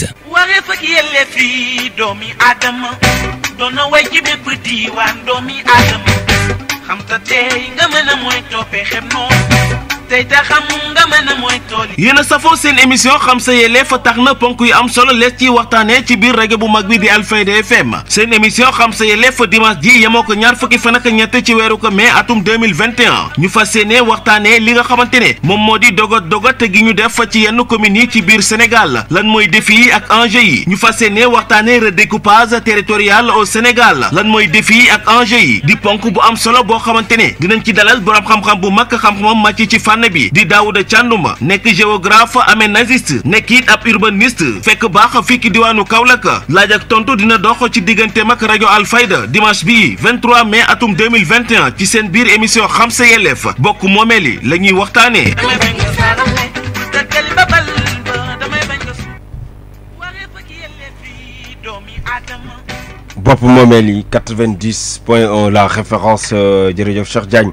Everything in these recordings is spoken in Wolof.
17. wareef ak yelleef yi doomi aadama doon na way ci bépp diiwaan doomi aadama xam te tey nga mën a mooy toppee xem noonu tey nga mën a mooy tool yi. yéen a safoo seen émission xam sa yelleef fa tax na ponk yu am solo lees ci waxtaanee ci biir rajo bu mag bi di Alfayda FM seen émission xam sa yelleef fa dimanche ji yemoo ko ñaar fukki fan ak ñett ci weeru ko mai atum 2021 ñu fas yéene waxtaanee li nga xamante ne moom moo di dogot dogot gi ñu def ci yenn commune yi ci biir Sénégal lan mooy défi yi ak enjeu yi ñu fas yéene waxtaanee redécoupage territorial au Sénégal lan mooy défi yi ak enjeu yi di ponk bu am solo boo xamante ne dinañ ci dalal borom xam-xam bu mag xam-xamam màcc ci fànn armée bi di Daouda Thiandoum nek géographe naziste nek it ab urbaniste fekk baxa fii diwanu diwaanu Kaolack laaj ak tontu dina doxo ci digganteem ak rajo Alfayda dimanche bi 23 mai atum 2021 ci sen bir émission xam sa yelleef bokk moomeel yi la ñuy waxtaanee. la référence euh, jërëjëf Cheikh Diagne.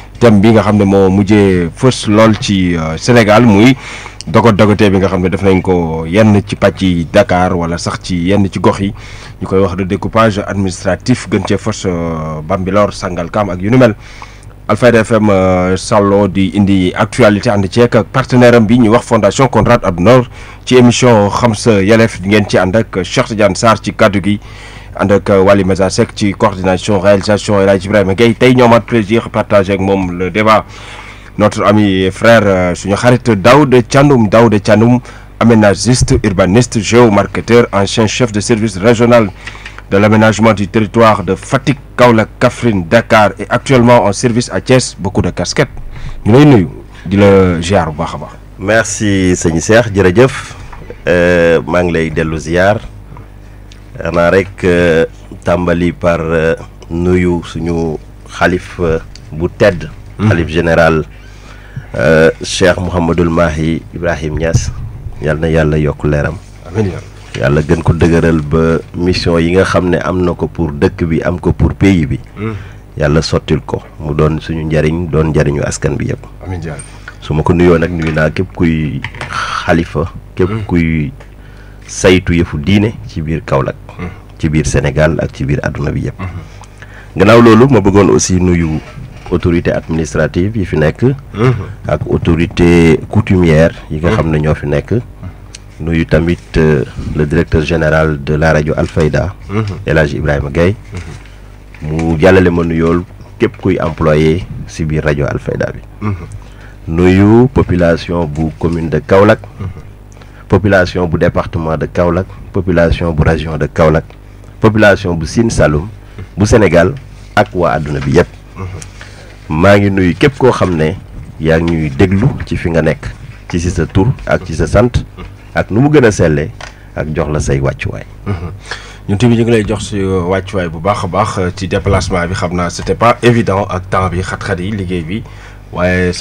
thème bi nga xam ne moo mujjee fës lool ci euh, Sénégal muy dogot dogotee bi nga xam ne daf nañ ko yenn ci pàcc yi dakaar wala sax ci yenn ci gox yi ñu koy wax de découpage administratif gën cee fës euh, Bambilor Sangalkam ak yu ni mel Alfayda FM euh, Sallo di indi actualité ànd ceek ak partenaire am bi ñu wax fondation Konrad Adenauer ci émission xam sa yelleef ngeen ci ànd ak Cheikh Tidiane Sarr ci kàddu gi. En ak que Meza sec ci coordination réalisation et la Ibrahima mais tay ñoo plaisir partager ak mom le débat notre ami et frère euh, suñu xarit Daouda aménagiste urbaniste géomarketeur ancien chef de service régional de l'aménagement du territoire de Fatik, Kaoula, kafrin Dakar et actuellement en service à Thiès beaucoup de casquettes ñu lay nuyu di ziar bu merci Seigneur, Cheikh jërëjëf euh, maa ngi lay xanaa rek euh, tàmbali par euh, nuyu suñu xalif euh, bu tedd. Mm-hmm. xalif général Cheikh Mouhamadul Mahi Ibrahim Niass yal na yàlla yokk leeram. amiin yàlla gën ko dëgëral ba mission yi nga xam ne am na ko pour dëkk bi am ko pour pays bi. Mm. yàlla sottil ko mu doon suñu njariñ doon njariñu askan bi yëpp. amiin su ma ko nuyoo nag nuyu naa képp kuy xalifa. képp mm. kuy saytu yëfu diine ci biir Kaolack. ci biir Sénégal ak ci biir aduna bi yëpp. gannaaw loolu bëggoon aussi nuyu autorité administrative yi fi nekk. Mhm. ak autorité coutumière yi nga xam ne mhm. ñoo fi nekk. nuyu tamit euh, le directeur général de la radio Alfayda. Mhm. elage Ibrahima Gaye mu jàllale ma nuyool képp kuy employé si biir rajo Alfayda bi. nuyu population bu commune de kaolak population bu département de kaolak population bu région de kaolak population bu Sine Saloum bu Sénégal ak wa aduna bi de maa ngi nuyu képp koo xam ne ngi déglu ci fi nga ci sa ak ci sa ak nu mu a ak jox la say wàccuwaay ñun tamit ñu lay jox si euh, euh, déplacement bi pas évident ak temps bi xat-xat bi waaye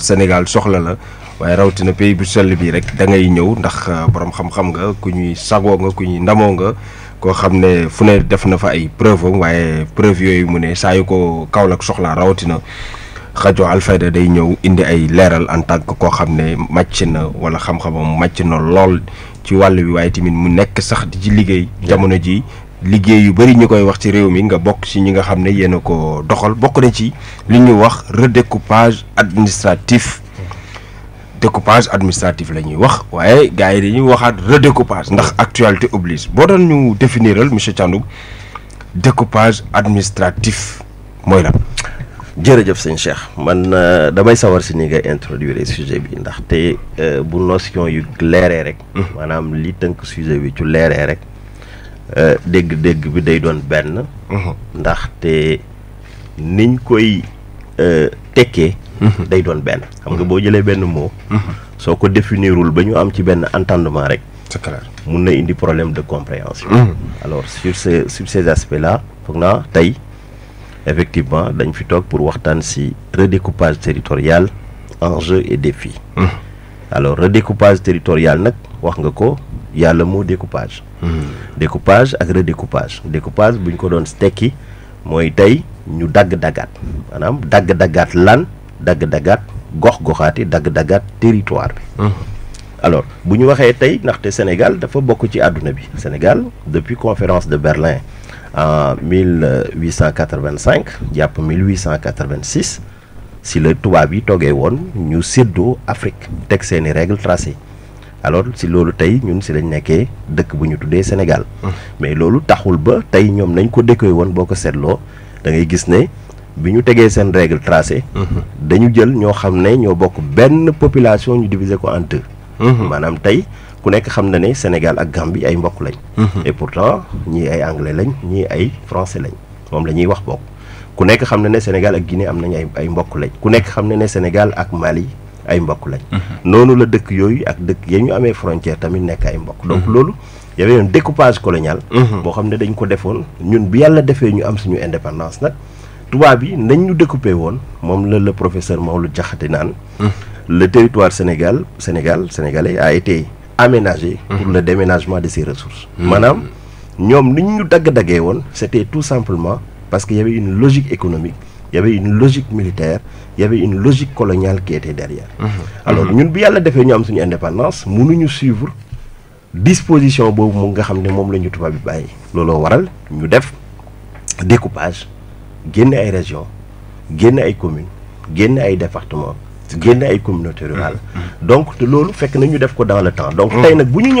Sénégal waaye rawatina pays bu sell bi rek da ngay ñëw ndax euh, borom xam-xam nga ku ñuy sagoo nga ku ñuy ndamoo nga koo xam ne fu ne def na fa ay preuve waaye preuve yooyu mu ne saa yu ko Kaolack soxlaa rawatina rajo Alfayda day ñëw indi ay leeral en tant koo xam ne màcc na wala xam màcc na lool ci wàll bi waaye tamit mu nekk sax di ci liggéey jamono ji liggéey yu bëri ñu koy wax ci réew mi nga bokk ci ñi nga xam ne yéen a ko doxal bokk na ci li ñu wax redécoupage administratif découpage administratif la ñuy wax waaye gaay yi dañuy waxat redécoupage ndax actualité oblige bo doon ñu définiral monsieur découpage administratif moy lan. jërëjëf seigne Cheikh man euh, damay sawar si ni introduire introduire sujet bi té euh, bu notion yu léré rek. manam hum. li sujet bi ci léré rek euh, dégg-dégg bi day euh, tekkee. Mhm. day doon ben xam nga mhm. bo les ben mot. Mhm. soko que définirul ba am ci ben entendement rek. c'est clair na indi problème de compréhension. alors sur ces ces aspects là pour la effectivement dañ fi tok pour waxtan si redécoupage territorial enjeu et défis. alors redécoupage territorial nak wax nga ko le mot découpage. découpage ak redécoupage découpage buñ ko doon tekki mooy tey ñu dagg-daggaat maanaam dagg-daggaat lan dagg-daggaat gox-goxaati dagg-daggaat territoire bi. Hmm. alors bu ñu waxee tey ndaxte Sénégal dafa bokk ci àdduna bi Sénégal depuis conférence de Berlin en 1885 jàpp 1886 si le tubaab yi toogee woon ñu séddoo Afrique teg seeni règle tracée. alors si loolu tey ñun si lañ nekkee dëkk bu ñu tuddee Sénégal. Hmm. mais loolu taxul ba tey ñoom nañ ko dëkkee woon boo ko seetloo da ngay gis ne bi ñu tegee seen règle tracée. Hmm. dañu jël ñoo xam ne ñoo bokk benn population ñu diviser ko en hmm. maanaam tey ku nekk xam na ne Sénégal ak Gambie ay mbokk lañ. et pourtant ñii ay anglais lañ ñii ay français lañ moom la ñuy wax bokk ku nekk xam na ne Sénégal ak Guinée am nañ ay ay mbokk lañ ku nekk xam na ne Sénégal ak Mali. ay mbokk lañ. Mhm. noonu la dëkk yooyu ak dëkk ya ñu amee frontière tamit nekk ay mbokk. donc mhm. loolu y avait un découpage colonial. Mhm. boo xam ne dañ ko defoon ñun bi yàlla defee ñu am suñu indépendance nag tubaab bi nañ ñu découpé woon moom le professeur Mawlud Diakhaté naan. le territoire Sénégal Sénégal sénégalais a été aménagé. pour le déménagement de ses ressources. maanaam ñoom ni ñu dagg-daggee c'était tout simplement parce qu'il y avait une logique économique il y avait une logique militaire il y avait une logique coloniale qui était derrière mhm. Mhm. alors nous devons yàlla defee ñu am suñu indépendance suivre disposition pour mu nga qui nous moom nous ñu tubaab bi bàyyi looloo waral ñu def découpage génn ay régions des ay communes génn départements des communautés rurales mhm. donc nous fait fekk nous def dans le temps donc nous devons bu ñu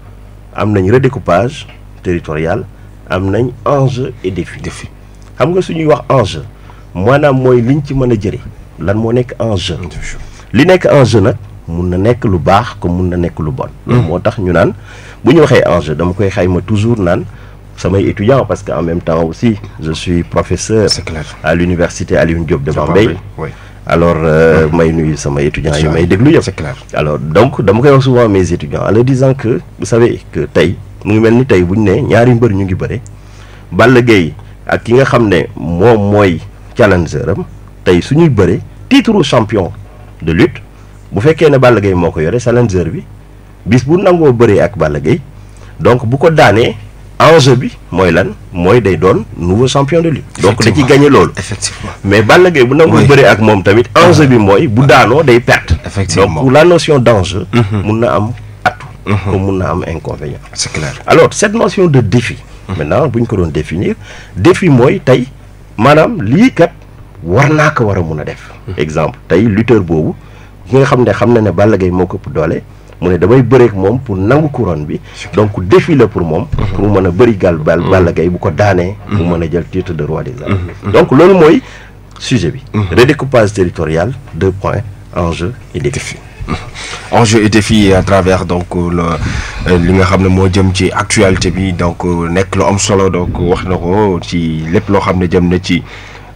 am nañ redécoupage territorial am nañ enjeu et défi défi xam nga suñuy wax enjeu maanaam mooy liñ ci mën a jëre lan moo nekk enjeu li nekk enjeu nag mun na nekk lu baax comme mun na lu bon loolu hmm. moo tax ñu naan bu ñu waxee enjeu dama koy xayma toujours naan samay étudiant parce que en même temps aussi je suis professeur à l'université Alioune Diop de Bambey alors euh, ah. may sama étudiants may déglu c'est clair alors donc dama souvent mes étudiants en leur disant que vous savez que tay mu ngi mel ni tey bu ñu nee ñaari mbër ñu ngi bëre Balla ak ki nga xam ne moom mooy am bëre champion de lutte bu fekkee ne moo challenger bi bis bu nangoo bëree ak donc bu ko enjeu bi Moy lan day doon nouveau champion de lutte. donc da qui gagner loolu. effectivement mais Balla Gaye bu nangul bëree ak mom tamit enjeu bi ah. bu daano day perte. effectivement donc la notion d' enjeu. Mhm. mun na am atu. Mhm. comme mun na am inconvénient. c'est clair alors cette notion de défi. Mhm. maintenant buñ ko doon définir défi Moy, tay manam li kat war naa ko wara muna def. exemple tay lutteur bobu ki nga xamne xamna xam ne Balla Gaye moo ko doole mu ne damay bëreek moom pour nangu couronne bi donc défilé pour moom mhm. pour mu mën a bëri gàll bal mhm. Balla bu ko daanee mu mhm. mën a jël titre de roi des arènes donc loolu mooy sujet bi redécoupage territorial deux points enjeu et défi enjeu et défi à travers donc euh, le euh, li nga xam ne moo jëm ci actualité bi donc euh, nekk lu am solo donc wax na ko ci lépp loo xam ne jëm na ci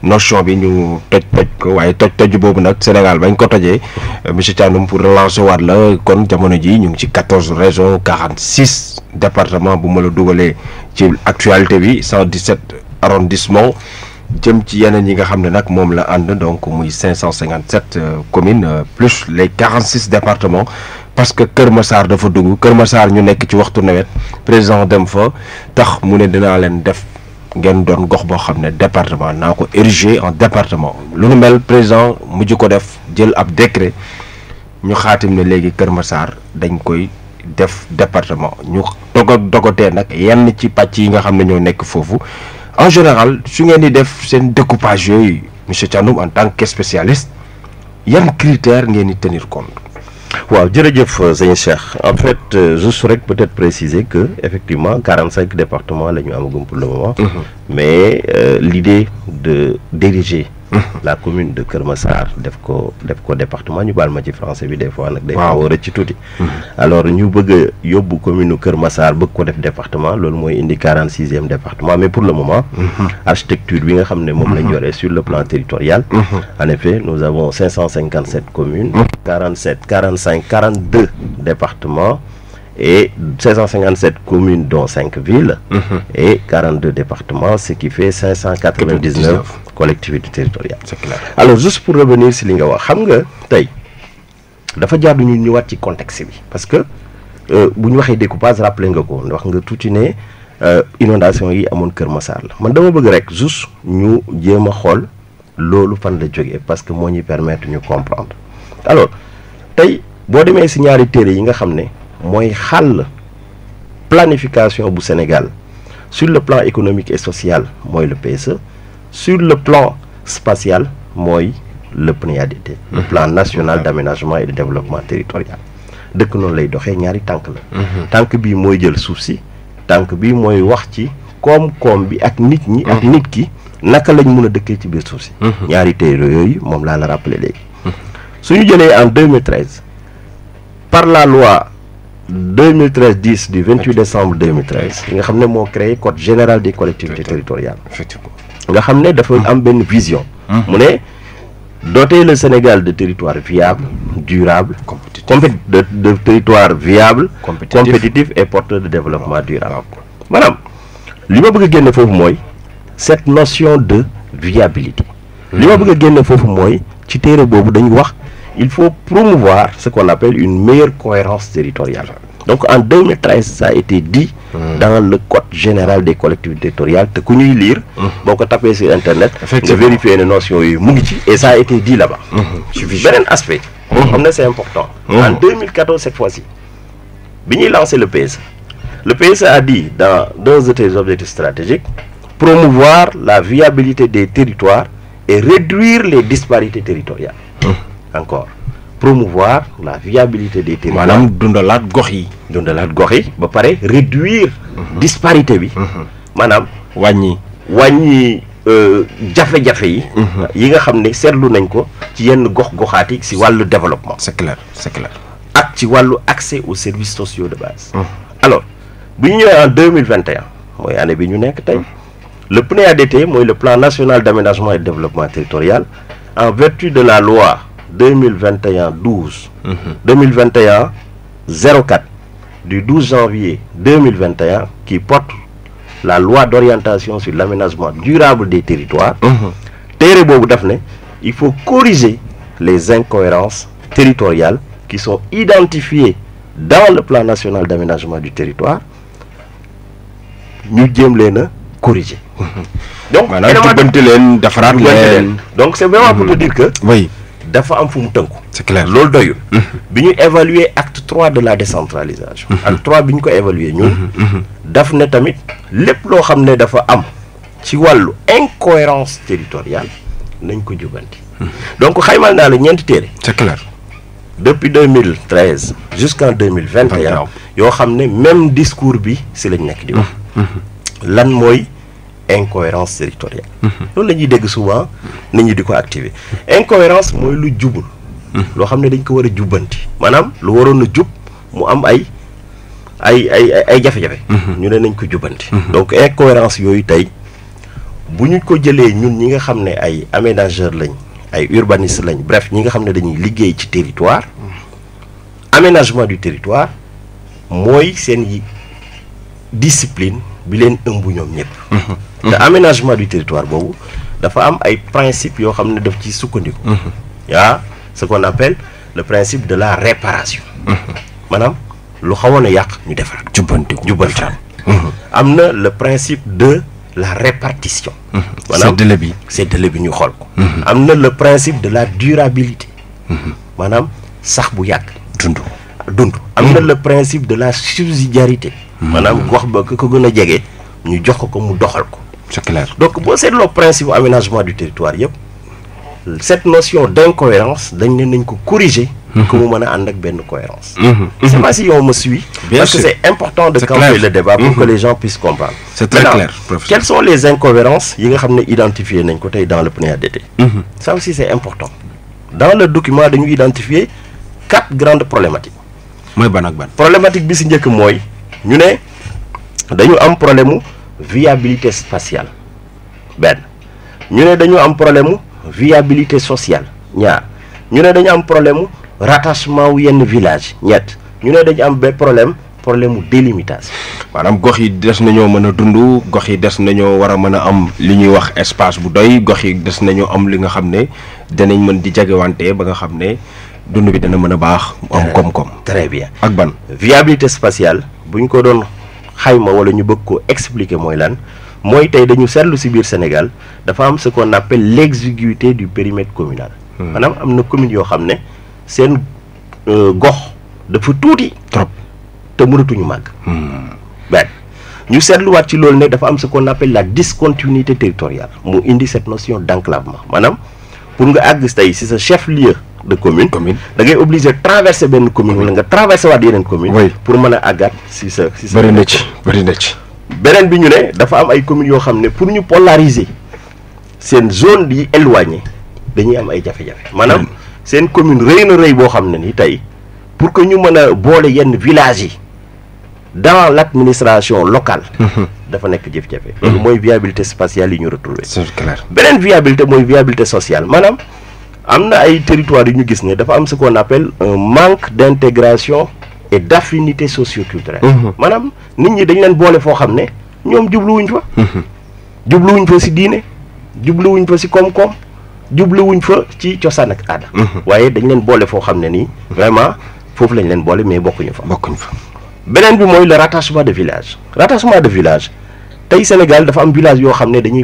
notion bi ñu toj toj ko waaye toj toj boobu nag sénégal bañ ko tojee monsieur thianum pour relancer waat la kon jamono ji ñu ci 14 région 46 département bu ma la ci actualité bi 117 arrondissements. jëm ci yeneen yi nga xam ne nag moom la donc muy 557 euh, communes euh, plus les 46 départements parce que kër massar dafa dugg kër massar ñu nekk ci waxtu nawet président dem fa tax mu ne dinaa leen def ngeen doon gox boo xam département naa ko érigé en département lu nu mel président mujj ko def jël ab décret ñu xaatim ne léegi Kër Massar dañ koy def département ñu dogo dogotee nag yenn ci pàcc yi nga xam ne ñoo nekk foofu en général su ngeen di def seen découpage yooyu monsieur Thiandoum en tant que spécialiste yan critère ngeen di tenir compte waaw euh, serais en fait euh, je peut-être préciser que effectivement 45 départements la pour le moment. Mhm. mais euh, l'idée de diriger la commune de Kermassar def département ñu parlons ma ci français bi des fois nak day ci mhm. alors ñu bëgg yobbu commune de Kermassar bëgg ko def département loolu moy indi 46 département mais pour le moment. Mhm. architecture bi nga mhm. sur le plan territorial. en effet nous avons 557 communes. 47, 45, 42 départements. et 557 communes dont 5 villes et 42 départements, ce qui fait 599 collectivité territoriale. c'est clair alors juste pour revenir si li nga wax xam nga tey dafa jaar ñu ci contexte bi parce que euh, bu ñu waxee découpage rappelé nga ko wax nga tuuti ne euh, inondation yi amoon Kër Massar la man dama bëgg rek juste ñu jéem a xool loolu fan la jógee parce que mo ñi permettre ñu comprendre alors tay bo démé ci ñaari téere yi nga xamné moy mooy planification bu Sénégal sur le plan économique et social moy le PSE sur le plan spatial moi le PNADT le plan mhm. national d'aménagement et de développement territorial ce que lay doxee ñaari tànk la que tant que jël suuf si tànk bii tant wax ci koom comme bi ak nit ñi ak mhm. nit ki naka lañ mun a de ci biir suuf si mhm. ñaari téere yooyu moom la la rappelé suñu en 2013 par la loi 2013 10 du 28 décembre 2013 nous nga créé le code général des collectivités territoriales nga xamné ne dafa am vision. Mhm. mune doter le Sénégal de territoires viables durables compétitif de territoires territoire viable. et porteurs de développement durable. Madame, li ma bëgg a cette notion de viabilité. Mhm. li ma bëgg a fofu moy ci il faut promouvoir ce qu'on appelle une meilleure cohérence territoriale donc en 2013 ça a été dit hmm. dans le code général des collectivités territoriales Tu connais lire tu hmm. taper sur internet tu vérifier une notion et ça a été dit là-bas hmm. un aspect c'est important en 2014 cette fois-ci Bini lançait le PS, e, le PS e a dit dans deux de ses objectifs stratégiques promouvoir la viabilité des territoires et réduire les disparités territoriales encore promouvoir la viabilité des territoires Madame dundalaat gox yi. dundalaat gox yi ba réduire. Mhm. disparité bi. Mhm. maanaam wàññi. wàññi euh, jafe-jafe yi. Mhm. yi nga xamné ne nañ ko ci yenn gox-goxaat ci walu développement. c'est clair c'est clair. ak ci walu accès aux services sociaux de base. alors bu ñu en 2021 moy année bi ñu nekk tay le PNADT e moy le plan national d'aménagement et développement territorial en vertu de la loi. 2021 12. 2021 04 du 12 janvier 2021 qui porte la loi d'orientation sur l'aménagement durable des territoires. Mhm. terrible il faut corriger les incohérences territoriales qui sont identifiées dans le plan national d'aménagement du territoire Nous devons corriger. Mhm. donc c'est vraiment pour te mhm. dire que. oui dafa am fu mu c'est clair Lol doyou. Mhm. bien évalué évaluer acte 3 de la décentralisation. Mhm. acte trois bi ko évaluer ñun. Mhm. daf netamit. tamit lépp loo xam dafa am ci incohérence territoriale nañ ko jubanti. donc xaymal naa la ñeenti téere. c'est clair. depuis 2013 jusqu'en 2021 y xam ne même discours bi c'est lañ nek di wax lan moi incohérence territoriale mhm. loolu la dégg souvent activer incohérence mooy lu jubul mhm. loo xam dañ ko war a jubbanti lu waroon jub mu am ay ay ay ay mhm. ñu donc incohérence yooyu tey bu ñu ko jëlee ñun ñi nga ay aménageur lañ ay bref ñi nga territoire aménagement du territoire mooy seen discipline L'aménagement mhm. aménagement du territoire Il dafa principe ay principes Qui sont daf mhm. ce qu'on appelle le principe de la réparation. Mhm. Madame, lu nous a ñu le principe de la répartition. C'est de bi c'est bi ñu le principe de la durabilité. Madame, sax bu le principe de la subsidiarité maanaam gox ba ko gën a ñu jox ko ko mu doxal ko. c'est clair donc boo seetloo principe aménagement du territoire cette notion d'incohérence dañ ne nañ corriger. que mhm. mu mën a ak cohérence. Mhm. Mhm. je sais pas si on me suit. parce que c'est important de camper le débat pour que les gens puissent comprendre. c'est très clair quelles sont les incohérences yi nga xam identifiées dans le PNADT. ça aussi c'est important dans le document dañu identifié quatre grandes problématiques. mooy ban ak problématique bi si njëkk mooy ñu ne dañu am problème mu viabilité spatiale Ben. ñu ne dañu am problème mu viabilité sociale ñaar ñu ne dañu am problème mu rattachement ou yenn village ñett ñu ne dañu am problème problème mu délimitation. maanaam gox yi des nañoo mën a dund gox yi des nañoo war a mën a am li wax espace bu doy gox yi des nañoo am li nga xam ne danañ mën di jagewante ba nga xam ne dund bi dana mën a baax. am koom-koom. très bien ak ban. viabilité spatiale buñ ko doon xayma wala ñu bëgg ko expliquer mooy lan mooy tey dañu seetlu ci biir Sénégal dafa am ce qu'on appelle l'exiguïté du périmètre communal. Hmm. maanaam am na commune yoo xam ne seen euh, gox dafa tuuti. trop te mënatuñu màgg. Hmm. benn ñu seetluwaat ci loolu ne dafa am ce qu'on appelle la discontinuité territoriale mu indi cette notion d'enclavement maanaam pour nga àgg tey ci sa chef lieu de commune. commune da ngay obligé traverser benn commune wala nga traverser waat yeneen commune pour mën a àggaat si sa si sa. bëri na ci bëri na ci. beneen bi ñu ne dafa am ay communes yoo xam ne pour ñu polariser seen zone yi éloigné dañuy am ay jafe-jafe. maanaam seen commune rëy na rëy boo xam ne ni tey pour que ñu mën a boole yenn village yi dans l'administration locale. Mhm. dafa nekk jafe-jafe. Mhm. loolu viabilité spatiale yi ñu retrouvée. c'est clair beneen viabilité mooy viabilité sociale maanaam amna ay territoires yu ñu gis ne dafa am ce qu'on appelle un manque d'intégration et d'affinité socioculturelle manam mhm. nit ñi dañ leen boole foo xam ne ñoom wuñ fa mhm. wuñ fa si diine wuñ fa si koom-koom wuñ fa ci cosaan ak aada mhm. waaye dañ leen vraiment foofu lañ leen boole mais bokkuñu fa fa bi le rattachement de village rattachement de village tey Sénégal dafa am village dañuy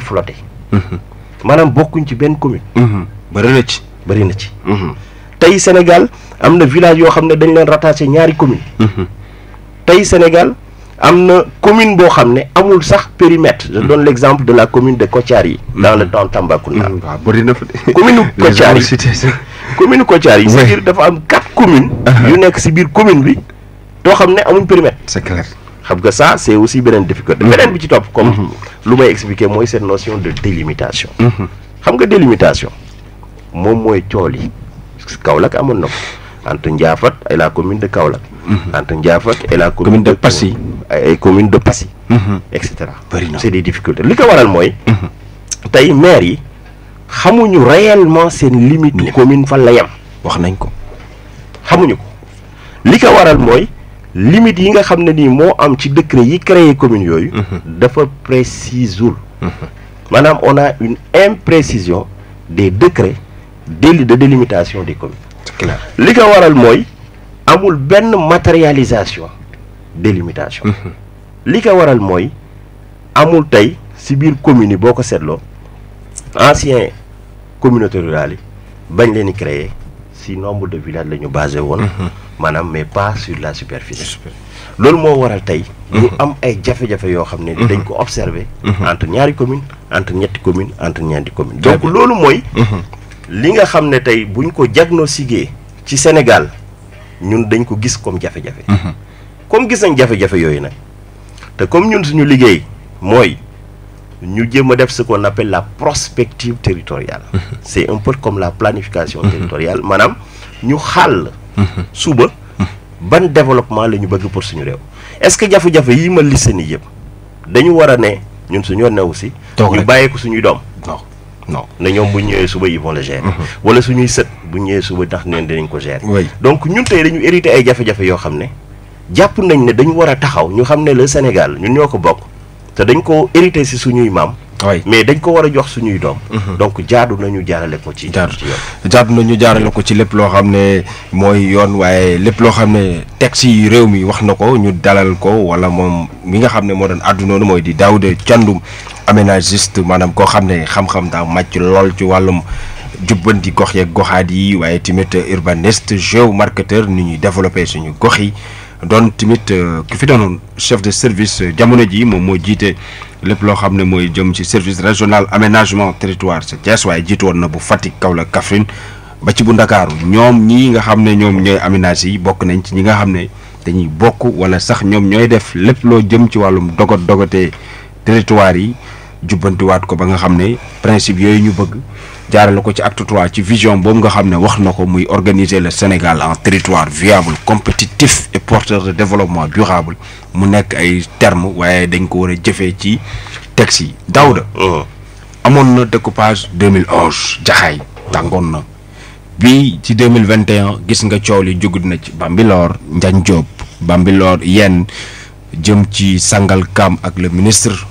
bëri na ci. Mhm. tey Sénégal am na village yoo xam ne dañ leen rattaché ñaari commune mhm. tey Sénégal am na commune boo xam ne amul sax périmètre. je mhm. donne l'exemple de la commune de Kotiari. dans le temps Tambacounda. Commune bëri na commune de. commune Kotiari commune Kotiari. cest dire dafa am quatre communes. Uh-huh. yu nekk si biir commune bi. doo xam ne amuñ périmètre. c'est clair. xam nga ça c' aussi beneen difficulté. beneen bi ci topp comme. lu may expliquer mooy cette notion de délimitation. xam nga délimitation moom mooy cool yi Kaolack amoon na ko entre Ndiafat et la commune de Kaolack. entre mhm. Ndiafat et la commune de Passy ay commune de Passy. Mhm. etc. c'est des difficultés li ko waral mooy. Mhm. tey maire yi xamuñu réellement seen limite commune fa la yam wax nañ ko xamuñu ko li ko waral mooy limite yi nga xam ne nii moo am ci décret yi créé commune yooyu. dafa précisul. maanaam on a une imprécision des décrets. délit de délimitation de communes. c'est clair li ko waral mooy amul benn matérialisation délimitation. Mmh. li ko waral mooy amul tey si biir communes yi boo ko seetloo ancien communauté rurale yi bañ leen créer si nombre de villages la ñu basé woon. manaam mmh. mais pas sur la superficie. loolu moo waral tey. Mmh. ñu am ay jafe-jafe yoo xam ne. dañ ko observer. entre ñaari commune entre ñetti communes entre ñeenti communes. donc loolu mooy. li nga xam ne tey bu buñ ko diagnostiqué ci Sénégal ñun dañ ko gis comme jafe-jafe. Mhm. comme gis nañ jafe-jafe yooyu nag te comme ñun suñu liggéey mooy ñu jéem a def ce qu'on appelle la prospective territoriale. Mhm. c'est un peu comme la planification mhm. territoriale maanaam ñu xàll. suba ban développement la ñu bëgg pour suñu réew. est-ce que jafe-jafe yi ma liste nii yëpp dañu war a ne ñun suñu ne aussi. ñu bàyyi ko suñuy doom. non ne ñoom bu ñëwee suba ils vont le gérer. Mhm. wala suñuy sët bu ñëwee suba tax neen dinañ ko gérer. donc ñun tey dañu hérité ay jafe-jafe yoo xam ne jàpp nañ ne dañu war a taxaw ñu xam ne la Sénégal ñun ñoo ko bokk te dañ ko hérité si suñuy maam. oui mais dañ ko war a jox suñuy doom. Mhm. donc jaadu nañu jaarale ko ci. jaadu jaadu nañu jaarale ko ci lépp loo xam ne mooy yoon waaye lépp loo xam ne teg yi réew mi wax na ko ñu dalal ko wala moom mi nga xam ne moo doon àddu mooy di Daouda Thiandoum aménagiste Madame ko xamné xam-xam da màcc ou ci walum jubbanti gox yak goxadi waye waaye urbaniste géomarketeur ni ñuy développé suñu gox yi don timit euh, ku fi don chef de service euh, jamono ji mom mo jité lepp lo xamné moy ci service régional aménagement territoire C'est Thiès waye jiitu won na bu Fatick Kaolack Kaffrine ba ci bu Ndakaaru ñom ñi nga xamné ñom ñoy ñooy bok yi bokk nañ ci ñi nga xamné dañuy bokk wala sax ñom ñoy def lepp lo jëm ci walum dogot dogoté territoire yi jubbantiwaat ko ba nga xam ne principe yooyu ñu bëgg jaarale ko ci acte 3 ci vision boobu nga xam wax organiser le Sénégal en territoire viable compétitif et porteur de développement durable mu nekk ay terme waaye dañ ko war a jëfee ci texte yi oh. découpage 2011 jaxaay tàngoon na bii ci 2021 gis nga coow li na ci Bambilor Ndiagne j'ob. Bambilor yenn jëm ci kam ak le ministre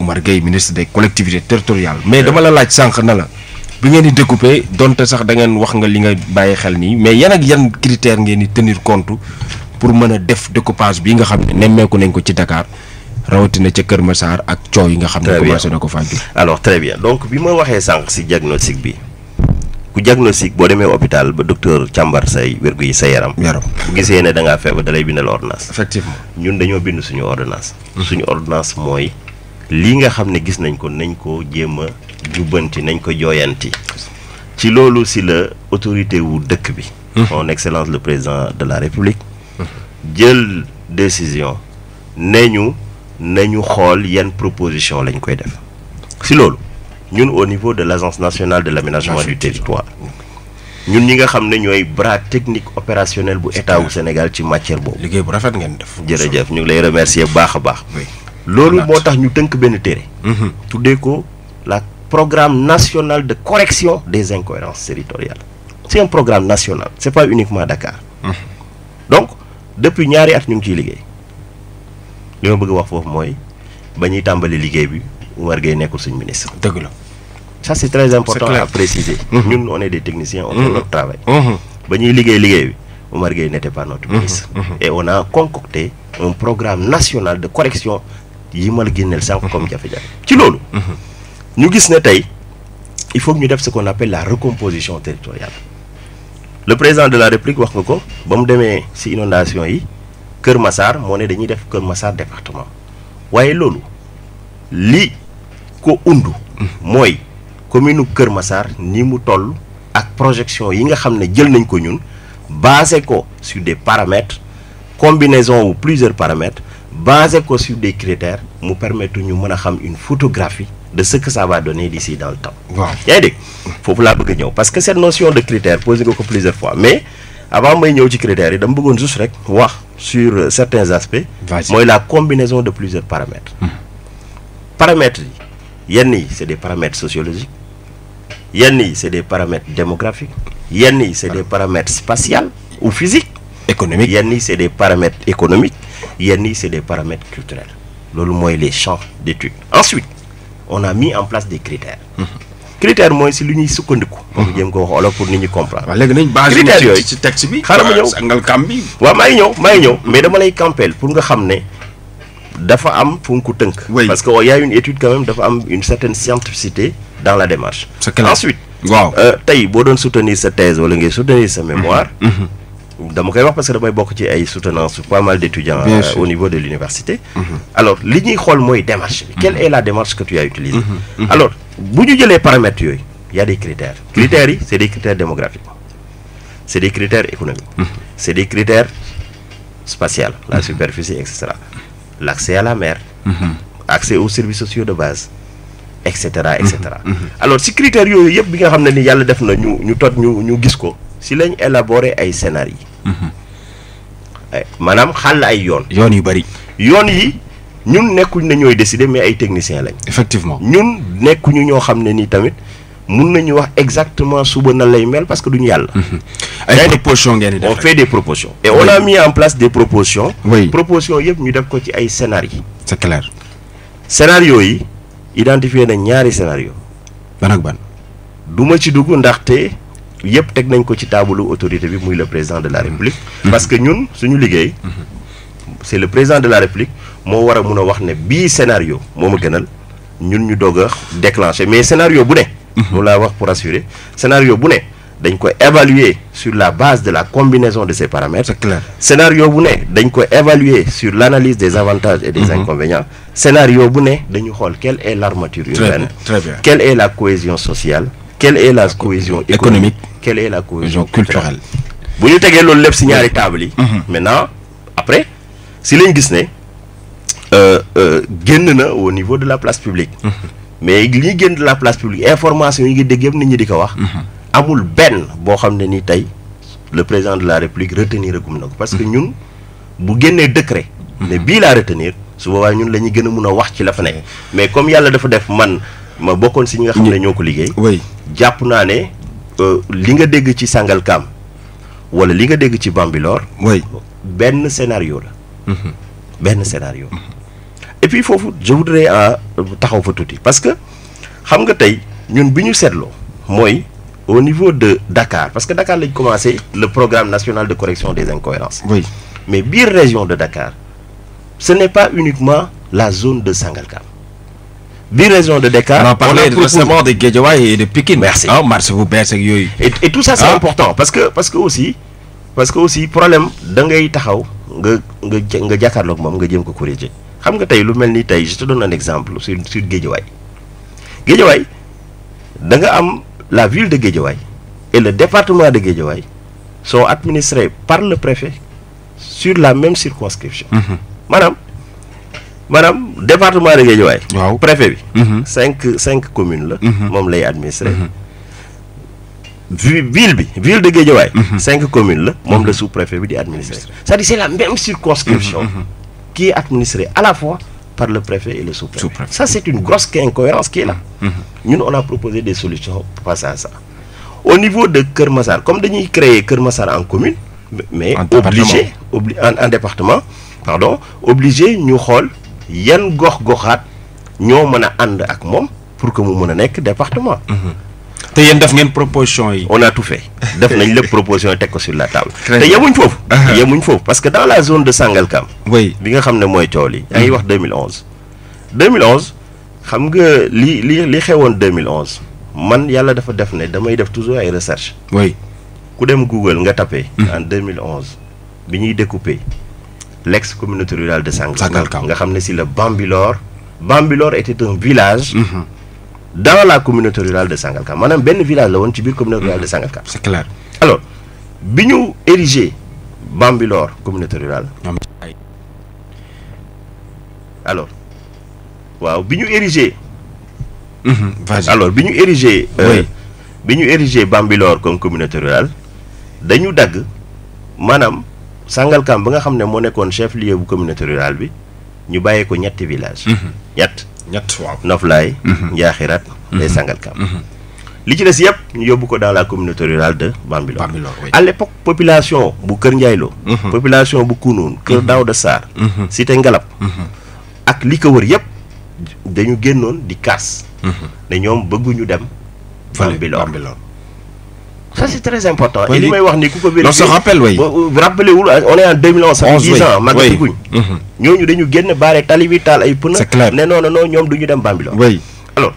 Oumar Gueye ministre des collectivités territoriales. mais dama la laaj sank na la bi ngeen di découper donte sax da ngeen wax nga li nga bàyyi xel nii mais yan ak yan critère ngeen di tenir compte pour mën a def découpage bi nga xam ne nemmeeku nañ ko ci Dakar rawatina ca Kër Massar ak coow yi nga xam ne commencé na ko faa alors très bien donc bi ma waxee sànq si diagnostic bi. ku diagnostic boo demee hôpital ba docteur càmbar say wérgu yi sa yaram. yaram bu gisee ne da ngaa feebar da lay bindal ordonnance. effectivement ñun dañoo bind suñu ordonnance. Mm-hmm. suñu ordonnance mooy li nga xam ne gis nañ ko nañ ko jéem a jubbanti nañ ko jooyanti ci loolu si la autorité wu dëkk bi. Hum. son excellence le président de la république. jël décision ne ñu nañu xool yan proposition lañ koy def si loolu ñun au niveau de l' agence nationale de l' aménagement du territoire ñun ñi nga xam ne ñooy bras technique opérationnel bu état wu Sénégal ci matière boobu. liggéey bu rafet ngeen def. jërëjëf ñu ngi lay remercier baax a baax loolu moo tax mhm. programme national de correction des incohérences territoriales c'est un programme national c'est pas uniquement Dakar mhm. donc depuis ñaari at ñu ciy bëgg wax ba ñuy bi ça c'est très important à préciser mhm. nous on est des techniciens on fait notre travail ba ñuy bi pas notre ministre et on a concocté un programme national de correction yi ma la génneel sànq comme mhm. jafe-jafe ci loolu. Mhm. ñu gis ne tey il faut que ñu def ce qu'on appelle la recomposition territoriale le président de la république wax nga ko ba mu demee si inondation yi Kër Massar moo ne dañuy def Kër Massar département waaye loolu li ko undu mhm. mooy commune Kër Massar ni mu toll ak projection yi nga xam ne jël nañ ko ñun basé ko sur des paramètres combinaison ou plusieurs paramètres basé quoi sur des critères nous permettent nous faire une photographie de ce que ça va donner d'ici dans le temps. waaw faut que vous la parce que cette notion de critères pose encore plusieurs fois mais avant may ñëw des critères je juste sur euh, certains aspects. moi la combinaison de plusieurs paramètres. Hmm. paramètres il yenn c'est des paramètres sociologiques yenn yi c'est des paramètres démographiques yenn yi c'est des ah. paramètres spatiaux ou physiques. économiques y yi c'est des paramètres économiques yenn yi des paramètres culturels loolu mooy les champs d'étude. ensuite on a mis en place des critères. Mhm. critères mooy si lu ñuy sukkandiku. Mhm. pour jéem ko wax pour nit comprendre. waaw léegi nañ basé ci texte bi critères yooyu xaaral ma ñëw kam bi. waaw maa mhm. mais dama lay campel pour nga xam ne dafa am fu parce que oh, y' a une étude quand même dafa am une certaine scientificité dans la démarche. ensuite. waaw euh, tey boo doon soutenir sa thèse wala ngay soutenir sa mémoire dama koy parce que damay bokk ci ay pas mal d'étudiants euh, au niveau de l'université mhm. alors démarche quelle mhm. est la démarche que tu as utilisée. Mhm. alors bu ñu les paramètres il y a des critères. critères c'est des critères démographiques c'est des critères économiques. c'est des critères spatial la superficie etc. l'accès à la mer. accès aux services sociaux de base. etc. etc alors si critères yooyu yëpp bi nga xam ni def si lañ élaborer ay scénario mhm. maanaam xàll ay yoon. yoon yu bari yoon yi ñun nekkuñ ne ñooy décider mais ay techniciens lañ. effectivement ñun nekkuñu ñoo xam ne ni tamit mun nañu wax exactement suba na lay mel parce que duñu yàlla. Mhm. ay propositions ngeen on fait des propositions. et on a mis en place des propositions. oui propositions yëpp ñu def ko ci ay scénario. c'est clair. scénario yi identifier na ñaari scénario ban ak ban. du ma ci dugg ndaxte yep, teg nañ ko ci autorité bi muy le président de la république. Mhm. parce que ñun suñu liggéey. c'est mhm. c'est le président de la république moo war a mun a wax ne scénario moo ma gënal ñun ñu doog a mais scénario bu ne. Mhm. loolu wax pour assurer scénario bu ne dañ ko évaluer sur la base de la combinaison de ces paramètres. c'est clair scénario bu ne dañ ko évaluer sur l'analyse des avantages et des inconvénients. scénario bu ne dañu xool quelle est l'armature urbaine. quelle est la cohésion sociale quelle est la cohésion économique quelle est la cohésion culturelle vous vous que le lépp à ñaari mm-hmm. maintenant après si lañ gis euh, euh, au niveau de la place publique. Mm-hmm. mais il y a de la place publique information yi ngi a des nit ñi di ko wax. Mm-hmm. amul Ben bo xamné ni le président de la république retenir agum gouvernement. parce que nous bu vous décret. mais décret, à retenir su boobaa ñun la gëna mëna wax ci la fa mais comme yalla dafa man ma bokkoon si ñi nga xam ne ñoo ko liggéey. oui jàpp naa ne euh, li nga dégg ci kam wala li nga dégg ci Bambilor. benn scénario la. Mhm. benn scénario. et puis je voudrais à euh, taxaw fa parce que xam nga tey ñun au niveau de Dakar parce que Dakar a commencé le programme national de correction des incohérences mais biir région de Dakar ce n'est pas uniquement la zone de Sangalkam. 10 régions de Dakar. On en parlait récemment de Guédiawa et de Pékin. Merci. Ah, marche vous berce Et, et tout ça c'est ah. important parce que parce que aussi parce que aussi problème da ngay taxaw nga nga nga jàkkaarloog moom nga jéem ko corriger xam nga tey lu je te donne un exemple sur sur Guédiawaye Guédiawaye da nga am la ville de Guédiawaye et le département de Guédiawaye sont administrés par le préfet sur la même circonscription. Mm-hmm. maanaam. Mm -hmm. Madame, département de Guédiawaye. préfet bi. Mhm. cinq communes la. mom mhm. lay mhm. ville bi ville de Guédiawaye. cinq communes la sous préfet c'est-à-dire c'est la même circonscription. qui est administrée à la fois par le préfet et le sous-préfet. ça c'est une grosse incohérence qui est là. Nous on a proposé des solutions face à ça. au niveau de Kermasar comme nous avons créé Massar en commune. mais obligé en département pardon obligé nous avons yan gox-goxaat ñoo mëna a ak mom pour que mu nek département. nekk département. Mhm. té yeen def ngeen proposition yi. on a tout fait def nañ le proposition té ko sur la table. te yemuñ foofu. yemuñ fofu parce que dans la zone de Sangalkam. oui bi nga xamné ne mooy coow li. yaa wax 2011. 2011 xam nga li li li xewon 2011 man yalla dafa def ne damay def toujours ay recherche. oui ku dem Google nga tapé. Mhm. en 2011 bi ñuy découper l'ex communauté rurale de Sangalaka. nga xamné ne le Bambilor Bambilor était un village mhm. dans la communauté rurale de Sangalaka. manam ben village la won ci biir communauté rurale de mhm. Sangalaka. c'est clair alors biñu érigé Bambilor communauté rurale alors waaw bi érigé alors biñu ñu érigé mhm, bi euh, érigé Bambilor comme communauté rurale dañu dag manam Sangalkam ba nga xam ne moo nekkoon chef lieu bu communauté rurale bi ñu bàyyee ko ñetti village mhm. ñett ñett waaw Noflaay. Mhm. Njaaxiraat mhm. et Sangalkam. li ci des yëpp ñu yóbbu ko dans la communauté rural de Bambilor. Bambilor oui. à bu Kër Ndiaylo. population bu Kounoun. Kër Daouda Sarr. Cité Ngalab. ak li ko wër yëpp dañu génnoon di kaas. ne ñoom bëgguñu dem. Bambilor Bambilor. ça c'est très important oui. et li wax ni ku ko vérifié on se rappelle oui euh, rappelé wul on est en 2011 ça 10 ans màggati guñ mhm. ñooñu dañu génn baré tali bi ay pneu né non non ñom duñu dem Bambilor oui alors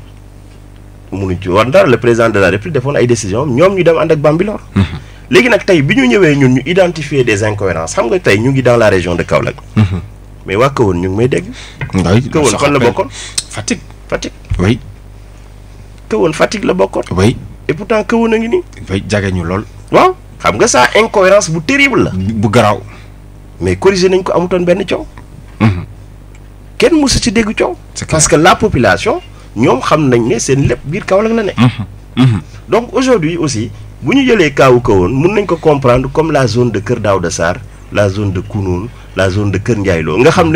mënuñ ci war dara le président de la république defoon ay décision ñom ñu dem and ak Bambilor mhm. légui nak tay biñu ñëwé ñun ñu identifier des incohérences xam nga tay ñu ngi dans la région de Kaolack mhm. mais wa kawone ñu ngi may dégg kawone fan la bokkoon Fatick Fatick oui kawone fatigue la bokkoon oui et pourtant kawoon a ngi ni. dafay jage ñu waaw xam nga saa incohérence bu terrible mm, bu garaaw. mais corrigé nañ ko amutoon benn coow. Mm-hmm. kenn mosu ci dégg coow. parce que la population ñoom xam nañ ne seen lépp biir Kaolack -hmm. hmm donc aujourd'hui aussi bu ñu jëlee kaawu kawoon mun nañ ko comprendre comme la zone de Kër Daouda la zone de Kounoun, la zone de Kër Nous Lo nga xam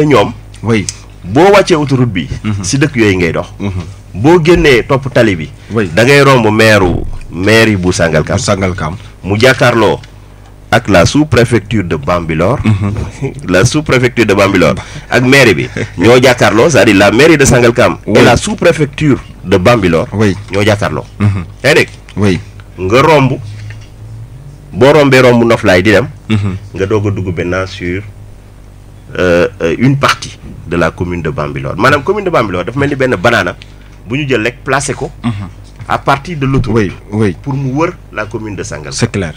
oui boo wàccee autoroute bi. Mhm. si dëkk yooyu ngay dox. Mhm. boo génnee topp tali bi. da ngay romb meeru maire yi bu Sangalkam bu Sangalkam mu jàkkaarloo ak la sous préfecture de Bambilor. Mhm. la sous préfecture de Bambilor ak maire bi ñoo jàkkaarloo sa à la mairie de Sangalkam. et la sous préfecture de Bambilor. ñoo jàkkaarloo. yaa nga romb boo rombee romb noflaay di dem. nga doog a dugg benn sur euh, euh, une partie. de la commune de Bambilor Madame commune de Bambilor vous avez une banane, banaana bu jël rek placé mhm. à partir de l'autre oui pour mouvoir la commune de Sangal. c'est clair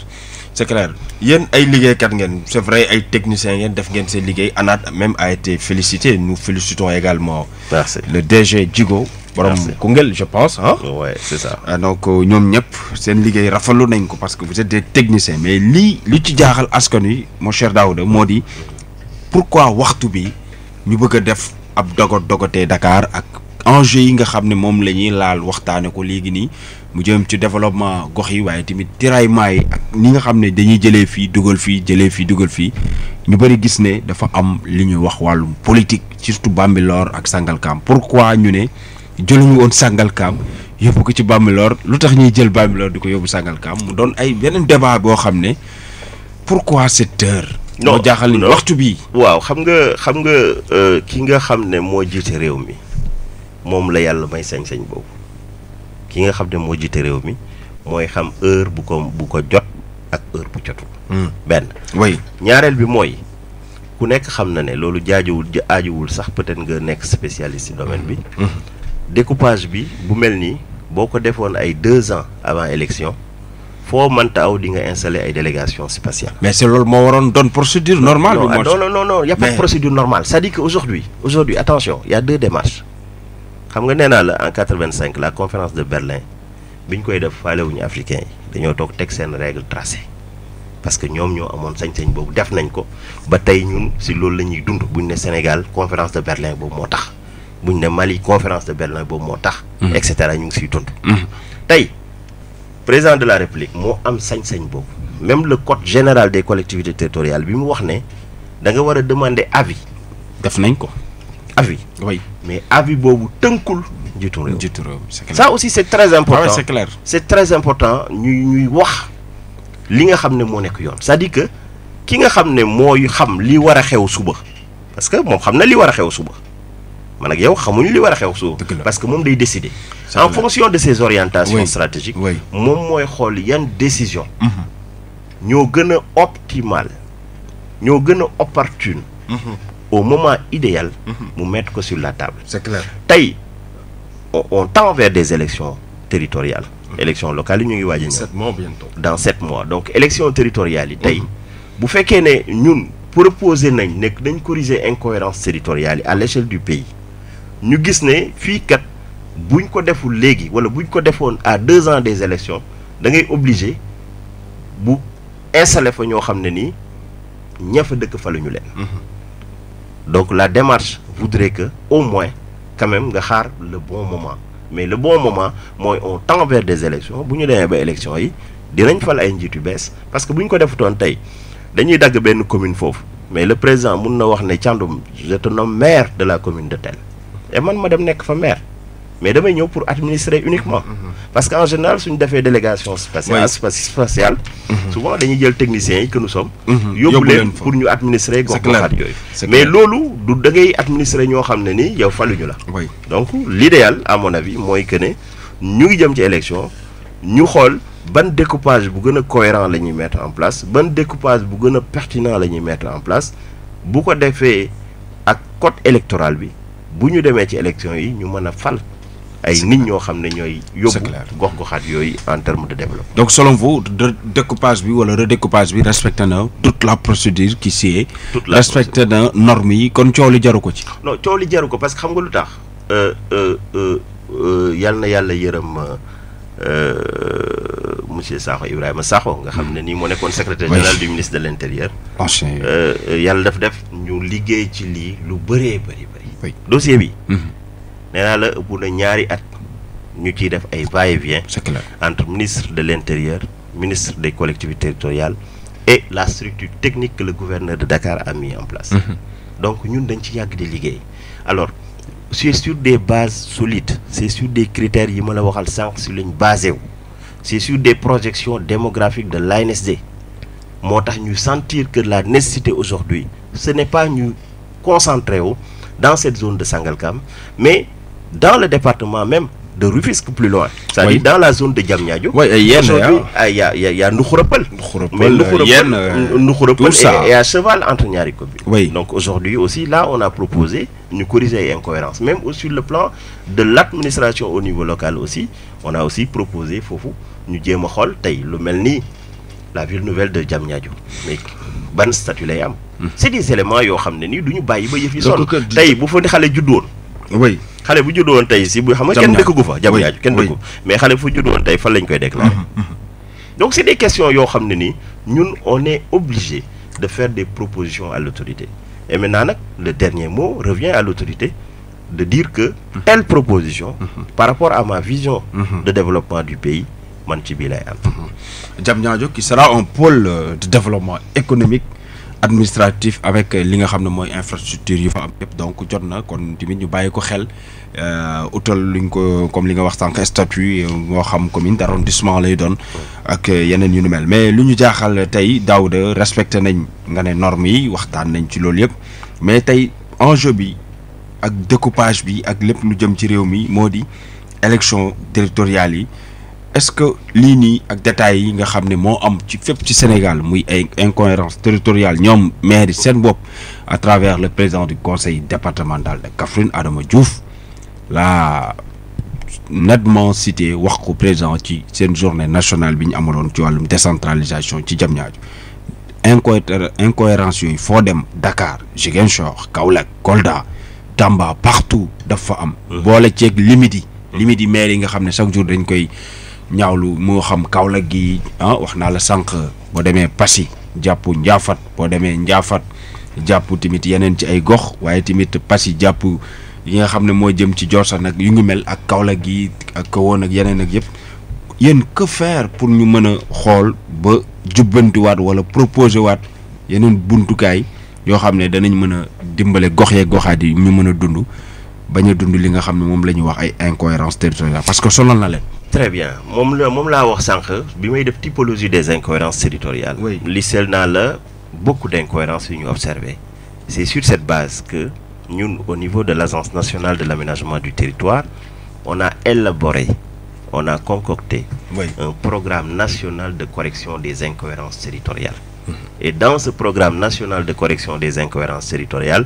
c'est clair yéen ay a ngeen c'est vrai ay techniciens ngeen def ces ANAT même a été félicité nous félicitons également. merci le DG Djigo. borom je pense hein? Oui, ouais c'est ça. Ah, donc nous, euh, ñëpp nous une rafetlu nañ ko parce que vous êtes des techniciens mais ce qui est très askani mon cher Daouda c'est dit, pourquoi waxtu ñu bëgg a def ab dogot dogotee dakaar ak enjeu yi nga xam ne moom la ñuy laal waxtaane ko léegi nii mu jëm ci développement gox yi waaye tamit tiraillement yi ak ni nga xam ne dañuy jëlee fii dugal fii jëlee fii dugal fii ñu bëri gis ne dafa am li ñuy wax wàllum politique surtout Bambilor ak Sangalkam pourquoi ñu ne jëluñu woon Sangalkam yóbbu ko ci Bambilor lu tax ñuy jël Bambilor di ko yóbbu sangalkaam mu doon ay beneen débat boo xam ne pourquoi cette heure moo jaaxal ni waxtu bi waaw xam nga xam nga euh, ki nga xam ne moo jiite réew mi moom la yàlla may sañ-sañ boobu ki nga xam ne moo jiite réew mi mooy xam heure bu ko bu ko jot ak heure bu jotu hmm. benn way ñaareel bi mooy ku nekk xam na ne loolu jaajuwul aajuwul sax peut-être nga nekk spécialiste ci domaine bi. Hmm. découpage bi bu mel nii boo ko defoon ay deux ans avant élection. foo manta aw di nga installé ay délégation spatiale. mais c'est le mo donne procédure normale. non non non non y' a pas de procédure normale ça dit qu'aujourd'hui que aujourd'hui aujourd'hui attention y' a deux démarches xam nga la en 85 la conférence de Berlin il koy def faalewuñu africain yi dañoo toog teg règle tracée parce que ñom ñoo en sañ-sañ bobu def nañ ko ba tay ñun si loolu la dund buñ Sénégal conférence de Berlin bobu moo tax buñ né Mali conférence de Berlin bobu moo etc. Mm-hmm. et cetera ñu ngi siy dund. Mm-hmm président de la république Mo même le code général des collectivités territoriales bi demander avis. def avis oui mais avis bobu teunkul ça aussi c'est très ah important c'est clair c'est très important ñuy wax li nga xamné que ki nga xamné xam parce que parce que moom day décider. en fonction de ses orientations stratégiques. moom mooy xool une décision. Mhm. ñoo gën a optimal ñoo gën opportune. Mhm. au moment idéal. Mhm. mu mettre sur la table. c'est clair on tend vers des élections territoriales. élections locales Nous ngi waaj sept mois bientôt. dans sept mois donc élections territoriales yi tey bu fekkee proposer nañ corriger incohérence territoriale à l'échelle du pays. Nous gis né fi kat buñ ko deful légui wala buñ ko defoon à deux ans des élections da ngay obligé bu installé fa ño xamné ne nii ña fa dëkk fa la len mhm. donc la démarche voudrait que au moins quand même nga xaar le bon moment mais le bon moment moy on tend vers des élections buñu déné ba élections yi dinañ fal ay njiit yu parce que buñ ñu ko defutoon tay dañuy dagg ben commune foofu mais le président mun na wax né je te nomme maire de la commune de Tel et man ma dem fa maire mais suis venu pour administrer uniquement. Mhm. parce qu'en général général suñu defee délégation spatiale. spatiale. Mhm. souvent dañuy jël techniciens que nous sommes. Mhm. yóbbu pour nous administrer gox goxaat yooyu. mais loolu du da ngay administrer ñoo il y ni yow faluñu la. donc l'idéal à mon avis moi que nous ñu ngi jëm ci élection ñu ban découpage bu que cohérent la mettre en place ban découpage bu que pertinent la mettre en place bu ko à ak code électoral bi. bu ñu demee ci élection yi ñu mën a fal ay nit ñoo xam ne ñooy yóbbu gox goxaat yooyu en terme de développement donc selon vous découpage bi wala redécoupage bi respecté na toute la procédure qui s'y est respecté na normes yi kon coow li jaru ko ci non coow li jaru ko parce que xam nga lu tax euh, euh, euh, yàlla na yàlla yërëm monsieur Sakho Ibrahima Sakho nga xam ne hmm. nii moo nekkoon secrétaire général du ministre de l'intérieur yàlla daf def ñu liggéey ci lii lu bëree bëri bëri dossier bi. Mhm. nee pour la ëpp na va et vient. entre ministre de l'intérieur ministre des collectivités territoriales et la structure technique que le gouverneur de Dakar a mis en place. Mhm. donc nous, dañ ci yàgg di alors c'est sur des bases solides c'est sur des critères yi ma la waxal sànq c'est sur des projections démographiques de l'ANSD moo tax ñu sentir que la nécessité aujourd'hui ce n'est pas ñu concentré dans cette zone de Sangalkam, mais dans le département même de Rufisque plus loin, c'est-à-dire dans la zone de Djamnyadjo. Oui, hein. ah, il y a, y a, y a et à cheval entre Nyarikobi. Oui. Donc aujourd'hui aussi, là, on a proposé une corriger les incohérence. Même sur le plan de l'administration au niveau local aussi, on a aussi proposé, vous nous disons, le Melni, la ville nouvelle de Djamnyadjo ban statut lay am. Hmm. c'est des éléments yo xamné ni duñu bayyi ñu bàyyi ba yëf yi sonn bu fa judd won oui xalé bu won tay si bu xam nga kenn dëkkagu fa. jamono jaaju kenn mais xalé bu judd won tay fa lañ koy hmm, hmm, donc c'est des questions yo xamné ni ñun on est obligé de faire des propositions à l'autorité et maintenant le dernier mot revient à l'autorité de dire que telle proposition. par rapport à ma vision. de développement du pays man ci lay am. Mhm. qui sera un pôle euh, de développement économique administratif avec euh, li nga xam ne infrastructure yu fa am donc jot na kon tamit ñu bàyyi ko xel euh, utal luñ ko comme li nga wax sànq statut moo xam commune d'arrondissement lay don ak yenen yu nu mel mais lu ñu jaaxal tey daude respecté nañ nga ne normes yi waxtaan nañ ci loolu mais tey enjeu bi ak découpage bi ak lep lu jëm ci réew mi élection territoriale yi est-ce que l'ini avec ak détails yi nga xamné mo am ci ci Sénégal muy incohérence territoriale ñom maire sen à travers le président du conseil départemental de Kaffrine Adama Diouf l'a nettement cité wax ko président ci sen journée nationale bi ñu ci walum décentralisation ci Diamniadio inco incohérence yooyu dem Dakar Jigenchor Kaolack Kolda Tamba partout dafa am mmh. boole ceeg limites limite que yi maire yi nga xamné chaque jour dañ koy Nyaulu muham xam kaolack gi ah waxna la sank bo demee pasi jàpp njaafat bo demee njaafat jàpp timit yenen ci ay gox waye timit pasi jàpp yi nga xamne ne jëm ci jorsa nak yu ngi mel ak kaolack gi ak ko won ak yenen ak yëpp yeen que faire pour ñu mëna xol ba ba wat wala proposer wat yenen buntu kay yo ne danañ mëna dimbalé gox ye goxaat yi ñu mëna dundu baña dundu li nga xamne ne lañu wax ay incohérence territoriale parce que solal na len très bien mom la wax typologie des incohérences territoriales li beaucoup d'incohérences. observées c'est ñu sur cette base que au niveau de l'Agence nationale de l'aménagement du territoire on a élaboré on a concocté un programme national de correction des incohérences territoriales mm-hmm. et dans ce programme national de correction des incohérences territoriales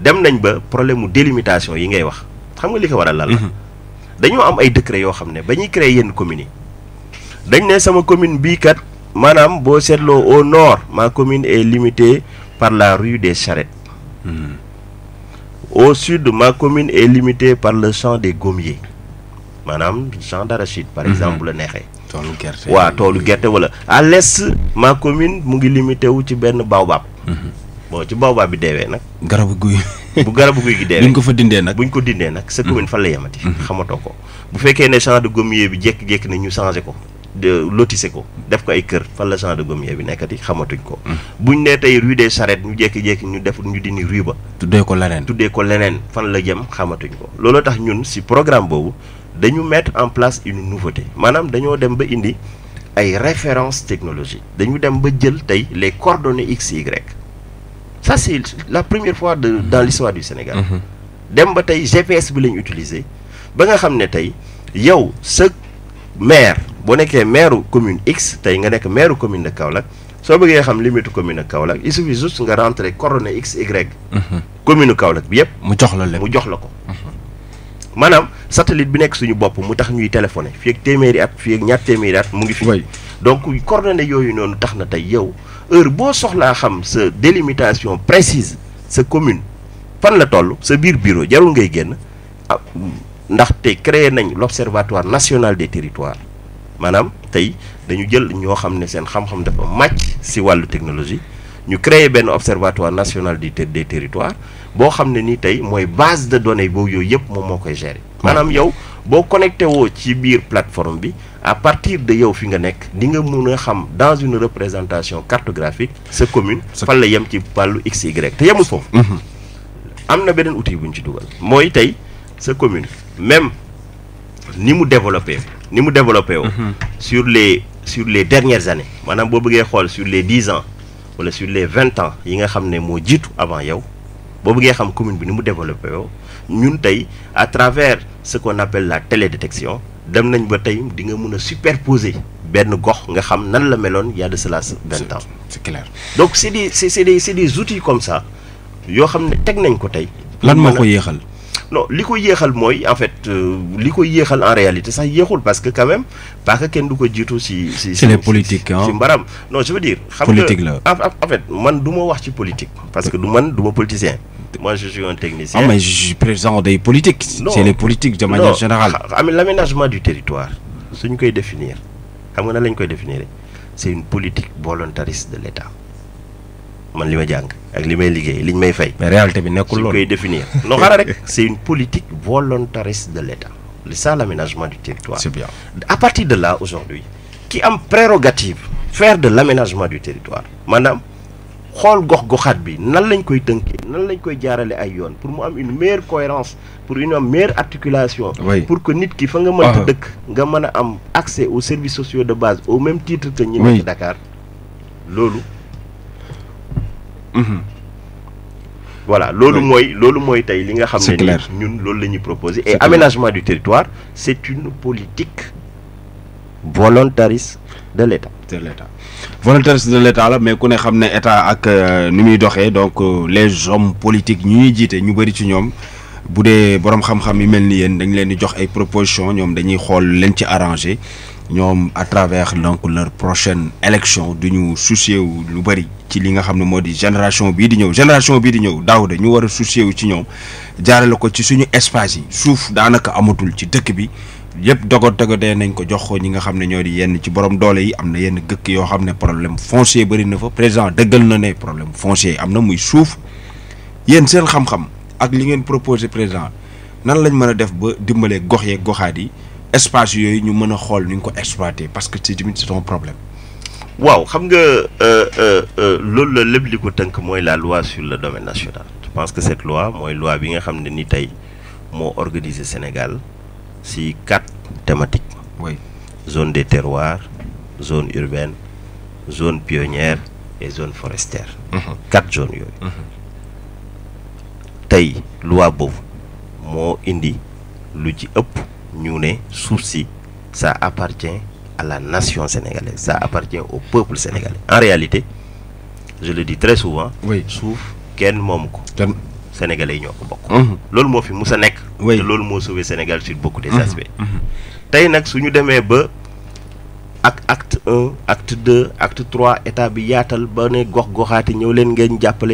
dem nañ ba problème de délimitation yi ngay wax xam nga li ko waral lan la. Mhm. dañoo am ay décret yoo xam ne ba ñuy créer yenn communes yi dañ ne sama commune bii kat maanaam boo seetloo au nord ma commune est limitée par la rue des Charrettes. Mhm. au sud ma commune est limitée par le champ des gommiers maanaam champ d'arachide par mhm. exemple la neexee. toolu gerte waaw toolu gerte wala à l'est ma commune mu ngi limité wu ci benn baobab. bon ci boobaa bi dewe nak garabu guuy bu garabu guuy gi dewe buñ ko fa dindé nak buñ ko dindé nak sa commune fa la yemati. Mhm. ko bu fekkee né champ de gommier bi jek jek né ñu changer ko. de lotisser ko def ko ay kër fa la champ de gommier bi nekati xamatuñ ko. Mhm. buñ né tay rue des charrettes ñu jek jek ñu def ñu dindi rue ba. tuddé ko lenen tuddé ko lenen fan la jëm xamatuñ ko. lolo tax ñun si programme bobu dañu mettre en place une nouveauté manam dañu dem ba indi ay référence technologique dañu dem ba jël tay les coordonnées x y ça c'est la première fois de dans l'histoire du Sénégal. Mhm. d'un tay GPS bi la utiliser ba nga xamné tay ce yow ce maire bo nekkee maire commune X tay nga nek maire commune de Kaolack soo bëggee xam limite commune de Kaolack il suffit juste nga rentrer coordonnée X Y. Mhm. commune Kaolack bi yépp mu jox la mu jox la ko. Mhm. satellite bi nek suñu bop mu tax ñuy téléphoner fi ak téeméeri at fi ak ñaar at mu ngi fi donc coordonnées yooyu noonu tax na tey yow heure boo soxlaa xam sa délimitation précise sa commune fan la toll sa biir bureau jarul ngay génn ah ndaxte créé nañ l'observatoire national des territoires maanaam tey dañu jël ñoo xam ne seen xam-xam dafa màcc si wàllu technologie ñu créé benn observatoire national des territoires boo xam ne ni tey mooy base de données boobu yooyu yëpp moom moo koy gérer. maanaam yow boo connecté woo ci biir plateforme bi à partir de yow fi nga nek di nga mëna xam dans une représentation cartographique ce commune parlent la yem ci wàllu x y te yemul foofu mhm. amna benen outil buñ ci moy tay commune même ni mu développé ni mu développé mhm. sur les sur les dernières années manam bo bëggee sur les dix ans wala sur les vingt ans yi nga xamné mo jitu avant yow bo communes, xam commune bi ni mu développé woo ñun tay à travers ce qu'on appelle la télédétection dem nañ ba tey di nga mun a superposer benn gox nga xam nan la meloon y a de cela vingt ans. c'est clair donc c'est des c'est des c'est des outils comme ça yoo xam ne teg nañ ko tey. lan moo ko yéexal non ce qui yéexal en fait euh, li ko yéexal en réalité sax parce que quand même parce que kenn du ko jiitu si si. c'est les politiques hein. mbaram non je veux dire. en fait man ne ma wax ci politique. parce que du man du ma politicien. moi je suis un technicien. ah mais je suis président des politiques. c'est les politiques de manière générale. non l'aménagement du territoire ce koy définir xam lañ définir c'est une politique volontariste de l'État man li ma ak li may liñ may fay. mais réalité bi définir. non rek une politique volontariste de l'État. c'est ça l'aménagement du territoire. c'est bien à partir de là aujourd'hui qui a am prérogative. faire de l'aménagement du territoire Madame, xool gox-goxaat bi nan lañ koy tënkee nan lañ koy pour mu une meilleure cohérence pour une meilleure articulation. pour que nit ki fa nga ah. nga accès aux services sociaux de base au même titre que ñi nekk Dakar Mhm. voilà c'est moy Nous et aménagement du territoire c'est une politique volontariste de l'État de l'État volontariste de l'État mais ku ne état ak euh, nous donc euh, les hommes politiques nous ñuy nous ñu ci xam-xam nous arrangé ñom à travers donc leur prochaine élection du ñu soucier wu lu bari ci li nga xam modi génération bi di ñëw génération bi di ñëw daaw de ñu wara a soucier wu ci ñom jaaral ko ci suñu espace yi suuf danaka amatul ci dëkk bi yëpp dogo dogodee nañ ko jox ñi nga xam ne ñoo di yenn ci borom doole yi amna yenn gëkk yo xam problème foncier bari na fa président dëggal na né problème foncier amna muy suuf yéen seen xam-xam ak li ngeen proposer président nan lañ mëna def ba dimbalé gox yeeg goxaat yi espace yoy ñu mëna a nous ñu ko exploiter parce que c'est c'est un problème. waaw xam nga euh, euh, euh, loolu la lépp li ko la loi sur le domaine national je pense que cette loi mooy loi bi nga xam ne ni tey moo organiser Sénégal c'est quatre thématiques. oui zone des terroirs zone urbaine zone pionnière et zone forestière. Mhm. quatre zones yooyu. Mhm. tey loi boobu moo indi lu ci ëpp. Nous ne ça appartient à la nation sénégalaise ça appartient au peuple sénégalais en réalité je le dis très souvent. oui Ken sénégalais n'y mhm. a loolu fi Nek. Sénégal sur beaucoup des mhm. aspects. Mhm. nous acte 2 acte 3 acte 3, état bi yaatal ba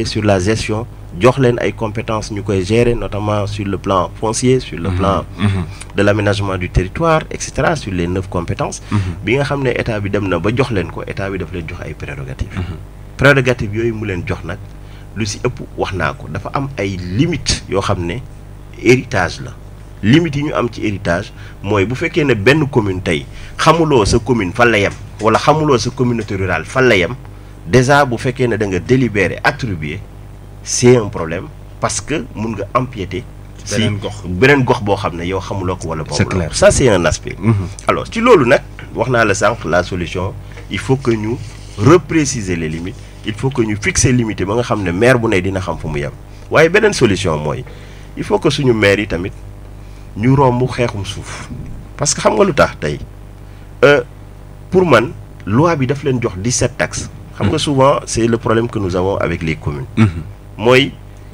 sur la gestion jox a ay compétences nous gérer notamment sur le plan foncier sur le mhm. plan mhm. de l'aménagement du territoire etc sur les neuf compétences mhm. bien nga xam ne état bi dem na ba jox leen ko état bi daf leen jox ay prérogatives prérogatives yooyu mu leen jox nag lu si ëpp wax naa ko dafa am ay limites yoo xam ne héritage la limite yi ñu am ci héritage moy bu fekkee ne benn commune tey xamuloo sa commune fan la yam wala xamuloo sa communauté rurale fan la yam déjà bu fekkee ne da nga délibéré attribuer c'est un problème parce que mun nga empiéter. si beneen gox boo xam ne yow xamuloko wala. c'est clair ça c'est un aspect. Mhm. alors ci lolu nak waxna naa la la solution il faut que nous repréciser les limites il faut que nous fixer limite ba nga xamné ne maire bu ne dina xam fu mu yem une solution moy il faut que suñu maire tamit ñu rombu xexum suuf parce que xam nga lutax tay euh pour man loi bi daf leen jox 17 taxes. xam nga mhm. souvent c'est le problème que nous avons avec les communes. Mhm moy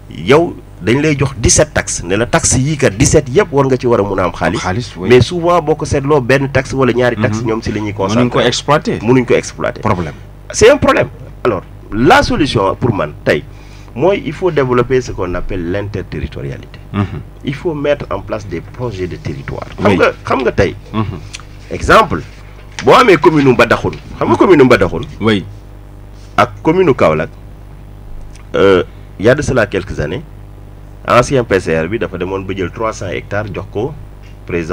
yow dañ lay jox 17 taxes ne la taxes yi ka 17 yëpp war nga ci wara a mais souvent boko ko ben taxe wala ñaari taxe mhm. ñom ci la ñuy ko exploiter mënuñ ko exploiter problème c'est un problème alors la solution pour man tay moi il faut développer ce qu'on appelle l'interterritorialité mhm. il faut mettre en place des projets de territoire xam nga xam nga mhm. exemple boo mes commune u Mbadakhoune xam nga commune u Mbadakhoune oui ak commune Kaolak, euh, il y a de cela quelques années ancien PCR bi dafa fait ba jël trois hectares jox ko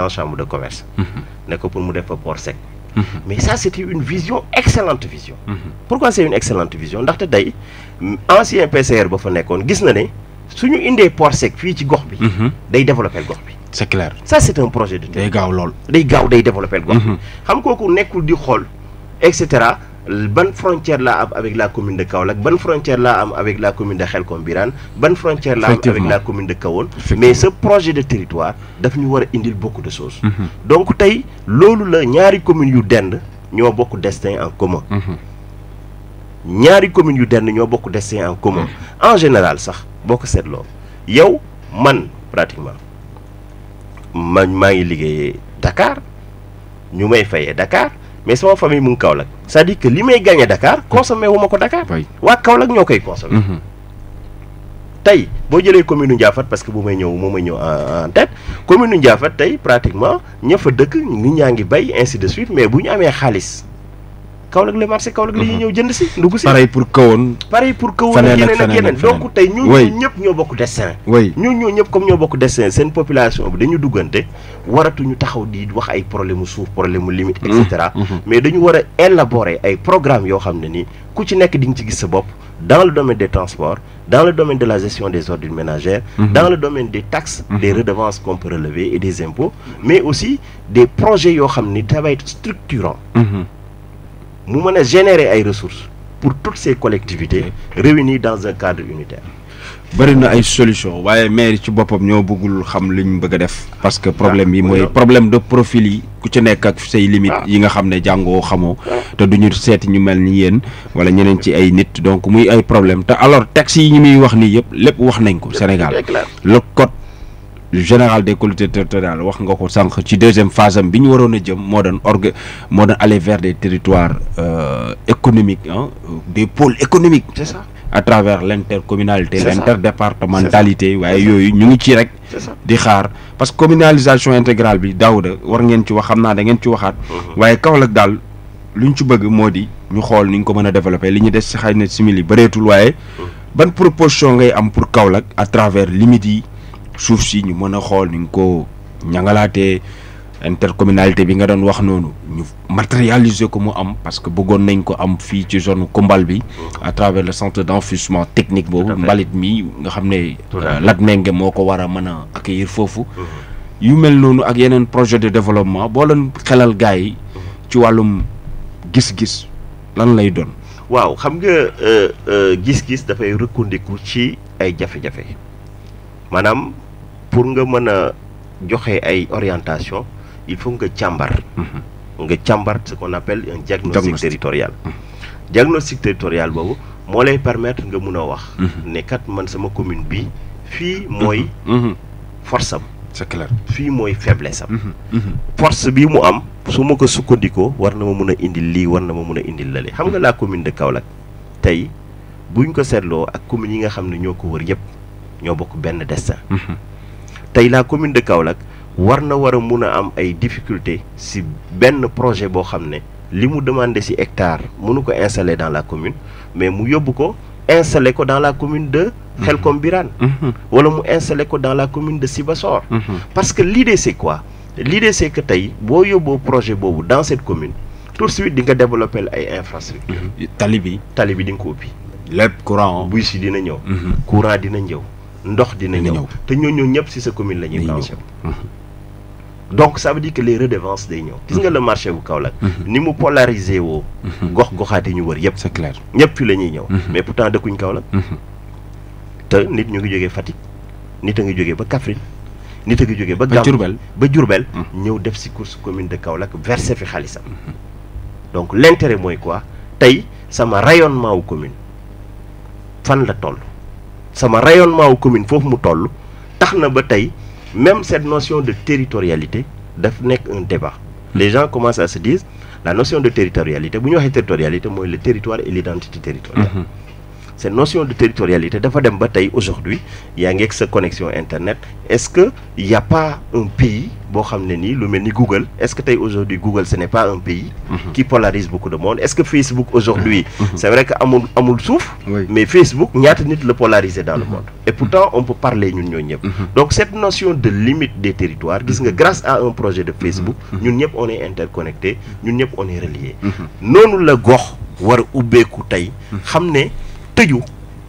chambre de commerce. Mhm. ne pour mu def port sec. Mhm. mais ça c'était une vision excellente vision. Mhm. pourquoi c'est une excellente vision Parce que ancien PCR ba fa nekkoon gis na ne su ñu indee port sec fii ci gox bi. day développer le bi. c'est clair ça c'est un projet de. day gaaw lool day gaaw day développé gox bi. xam kooku nekkul di xool et cetera ban frontière la am avec la commune de Kaolak ban frontière la am avec la commune de Xelkom Birane ban frontière la avec la commune de Kaol mais ce projet de territoire daf ñu beaucoup de choses mhm. donc tay lolu la ñaari communes yu dend ño bokku destin en commun mhm. ñaari commune yu dend ño destin en commun mhm. en général sax boo set seetloo yow man pratiquement ma est ngi Dakar ñu may fayé Dakar mais sama famille mu ngi Kaolack c'est-à-dire que li may gagné Dakar consommé wu ma ko Dakar. waa Kaolack ñoo koy consommé. Mhm. tey boo jëlee commune nu Ndiaffate parce que bu may ñëw moo may ñëw en tête commune nu Ndiaffate tey pratiquement ña fa dëkk nit ñaa ngi bay ainsi de suite mais bu ñu amee xaalis. Kaolack le marché Kaolack la ñuy mhm. ñëw jënd ci ndugu ci pareil pour kawoon pareil pour qu'on ak yeneen ak yeneen donc nous ñoo ñëpp ñoo bokk destin comme population bi dañu waratu ñu taxaw di wax ay problèmes de suuf problème limite et cetera mhm. Mhm. mais dañu war a élaborer ay programme yoo xam ne nii ku ci nekk di ci sa dans le domaine des transports dans le domaine de la gestion des ordures ménagères dans le domaine des taxes des redevances qu'on peut relever et des impôts mais aussi des projets yoo xam ne travail structurant mu mën a générer ay ressources pour toutes ces collectivités réunies dans un cadre unitaire bëri na ay solution waaye maire ci boppam ñoo bëggul xam li ñu bëgg def parce que problème yi ah, mooy problème de profil yi ku ci nekk ak say limites ah. yi nga xam ne jàngoo xamoo ah. te duñu seeti ñu mel ni yéen wala ñeneen ci ay nit donc muy ay problème te alors taxes yi ñu muy wax nii yëpp lépp wax nañ ko Sénégal le code général des collectivités territoriales wax nga ko sank ci deuxième phase am bi ñu waroon jëm moo doon orga moo doon aller vers des territoires euh, économiques hein, des pôles économiques c'est ça à travers l'intercommunalité l'interdépartementalité waye yoyu ñu ngi ci rek di xaar parce que communalisation intégrale bi Daouda war ngeen ci wax xamna da ngeen ci waxat mhm. waye Kaolack dal luñ ci bëgg modi ñu xol ni ñu ko mëna développer liñu dess des simili bëretul waye mhm. ban proposition ngay am pour Kaolack à travers limites yi suuf si ñu mën a xool ni nga ko ñangalaatee intercommunalité bi nga doon wax noonu ñu matérialiser ko mu am parce que bëggoon nañ ko am fii ci zone Koumbal bi à travers le centre d'enfouissement technique boobu mbalit mi nga xam ne euh, Latmingué moo ko war a mën a accueillir foofu mmh. yu mel noonu ak yeneen projet de développement boo leen xelal gars yi ci wàllum gis-gis lan lay doon waaw xam nga euh, euh, gis-gis dafay rekondiku ci ay jafe-jafe maanaam pour nga mën a joxe ay orientation il faut nga càmbar mhm. nga càmbar ce qu'on appelle un diagnostic territorial mhm. diagnostic territorial boobu moo lay permettre nga mun a wax mhm. ne kat man sama commune bi fii mooy force am c'est clair fii mooy faiblesse am force bi mu am su ma ko sukkandikoo war na ma mun a indil lii war na ma mun a lale xam nga la commune de Kaolack tey buñ ko seetloo ak commune yi nga xam ne ñoo wër yëpp ñoo bokk benn destin tay la commune de Kaolack il y a des am ay difficultés si un projet est xamné limu demander mu si hectare mënu ko installer dans la commune mais mu yóbbu ko installer ko dans la commune de Khelkombiran. Birane mm-hmm. Mm-hmm. wala mu installer ko dans la commune de Sibassor mm-hmm. parce que l'idée c'est quoi l'idée c'est que tey a un projet dans cette commune tout de suite di nga développer ay infrastructures talibi bi tali bi di nga ko ubbi courant bu dina courant dina te sa commune mhm. donc ça veut dire que les redevances day ñëw gis nga mhm. le marché bu mhm. ni mu polariser woo gox ñu wër yëpp c'est clair ñëpp fi la ñuy mais pourtant dëkkuñ te nit ñu ngi jógee Fatick nit a ngi jógee ba Kaffrine nit a ngi jógee ba djurbel ba ñëw def course commune de Kaolack versé fi xaalisam donc l'intérêt mooy quoi tey sama rayonnement wu commune fan la toll sama rayonnement wu commune foofu mu toll tax na ba tey même cette notion de territorialité daf nekk un débat les gens commencent à se dire la notion de territorialité bu territorialité mooy le territoire et l'identité territoriale. Mhm cette notion de territorialité dafa dem ba bataille aujourd'hui il y a une connexion internet est-ce que n'y a pas un pays boo Google est-ce que aujourd'hui Google ce n'est pas un pays mhm. qui polarise beaucoup de monde est-ce que Facebook aujourd'hui mhm. Mhm. c'est vrai que amul de souffle mais Facebook tenu de le polariser dans le monde et pourtant on peut parler donc cette notion de limite des territoires que grâce à un projet de Facebook Nous sommes on est interconnecté ñun on est relié non nous le war voir tëju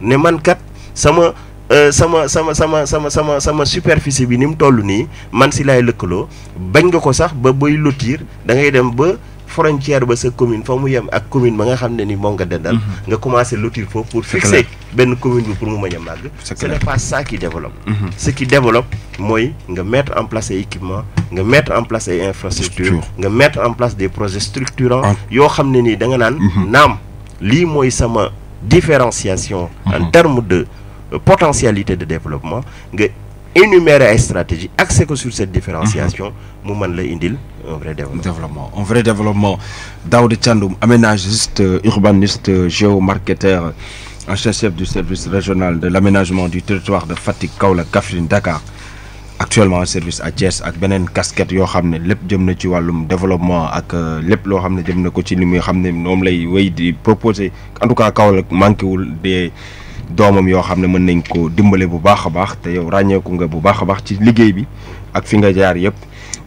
ne man kat sama euh, sama sama sama sama sama sama superficie bi ni mu toll nii man si laay lëkkaloo bañ nga ko sax ba booy lotir da ngay dem ba frontière ba sa commune fa mu yem ak commune ba nga xam ne ni moom nga dendal mhm. nga commencé lotir foofu pour fixer benn commune bi pour mu mën a màgg ce n'est pas ça qui développe mhm. ce qui développe mooy nga mettre en place ay équipement nga mettre en place ay infrastructure nga mettre en place des projet structurants yoo xam ne nii da nga naan mhm. naam lii mooy sama différenciation en mhm. termes de euh, potentialité de développement nga énumérer stratégie Accès que sur cette différenciation mu mën un vrai développement un vrai développement Daoud aménagiste euh, urbaniste euh, géomarketeur ancien chef du service régional de l'aménagement du territoire de Fatik la Kafrine Dakar actuellement service à Thiès ak beneen casquette yoo xam ne lépp jëm na ci wàllum développement ak euh, lépp loo xam ne jëm na ko ci li muy xam ne moom lay wéy di proposer en tout cas Kaolack manqué wul des doomam yoo xam ne mën nañ ko dimbale bu baax a baax te yow ràññeeku nga bu baax a baax ci liggéey bi ak fi nga jaar yëpp.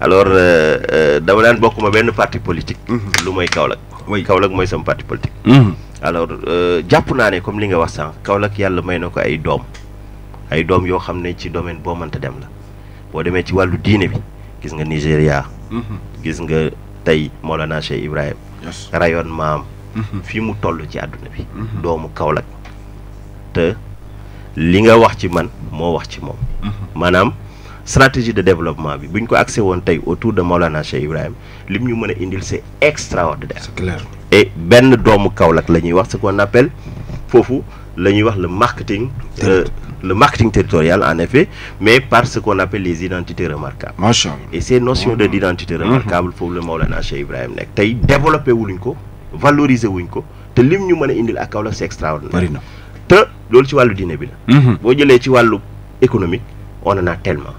alors euh, euh, dama daan bokk ma benn parti politique. Mhm. lu mooy Kaolack. mooy Kaolack mooy sama parti politique. Mhm. alors euh, jàpp naa ne comme li nga wax sànq Kaolack yàlla may na ko ay doom ay doom yoo xam ne ci domaine boo mënta dem la boo demee ci wàllu diine bi gis nga Nigéria. Mhm. gis nga tey Mawlana Cheikh Ibrahim. rayon maam. fii mu toll ci àdduna bi. doomu Kaolack te li nga wax ci man moo wax ci moom. maanaam. stratégie de développement bi on ko autour de Maulana Cheikh Ibrahim lim ñu mëna indil c'est extraordinaire. C'est clair et ben doomu Kaolack lañuy wax ce qu'on appelle wax le marketing. Euh, le marketing territorial en effet, mais par ce qu'on appelle les identités remarquables. Et ces notions notion d'identité mhm. remarquable, pour le Maulana Cheikh Ibrahim Nek, tay développer wuñ ko, valoriser wuñ ko, te lim ñu mëna indil c'est extraordinaire. Te lolu ci walu bi la. Mhm. Bo jëlé ci économique, on en a tellement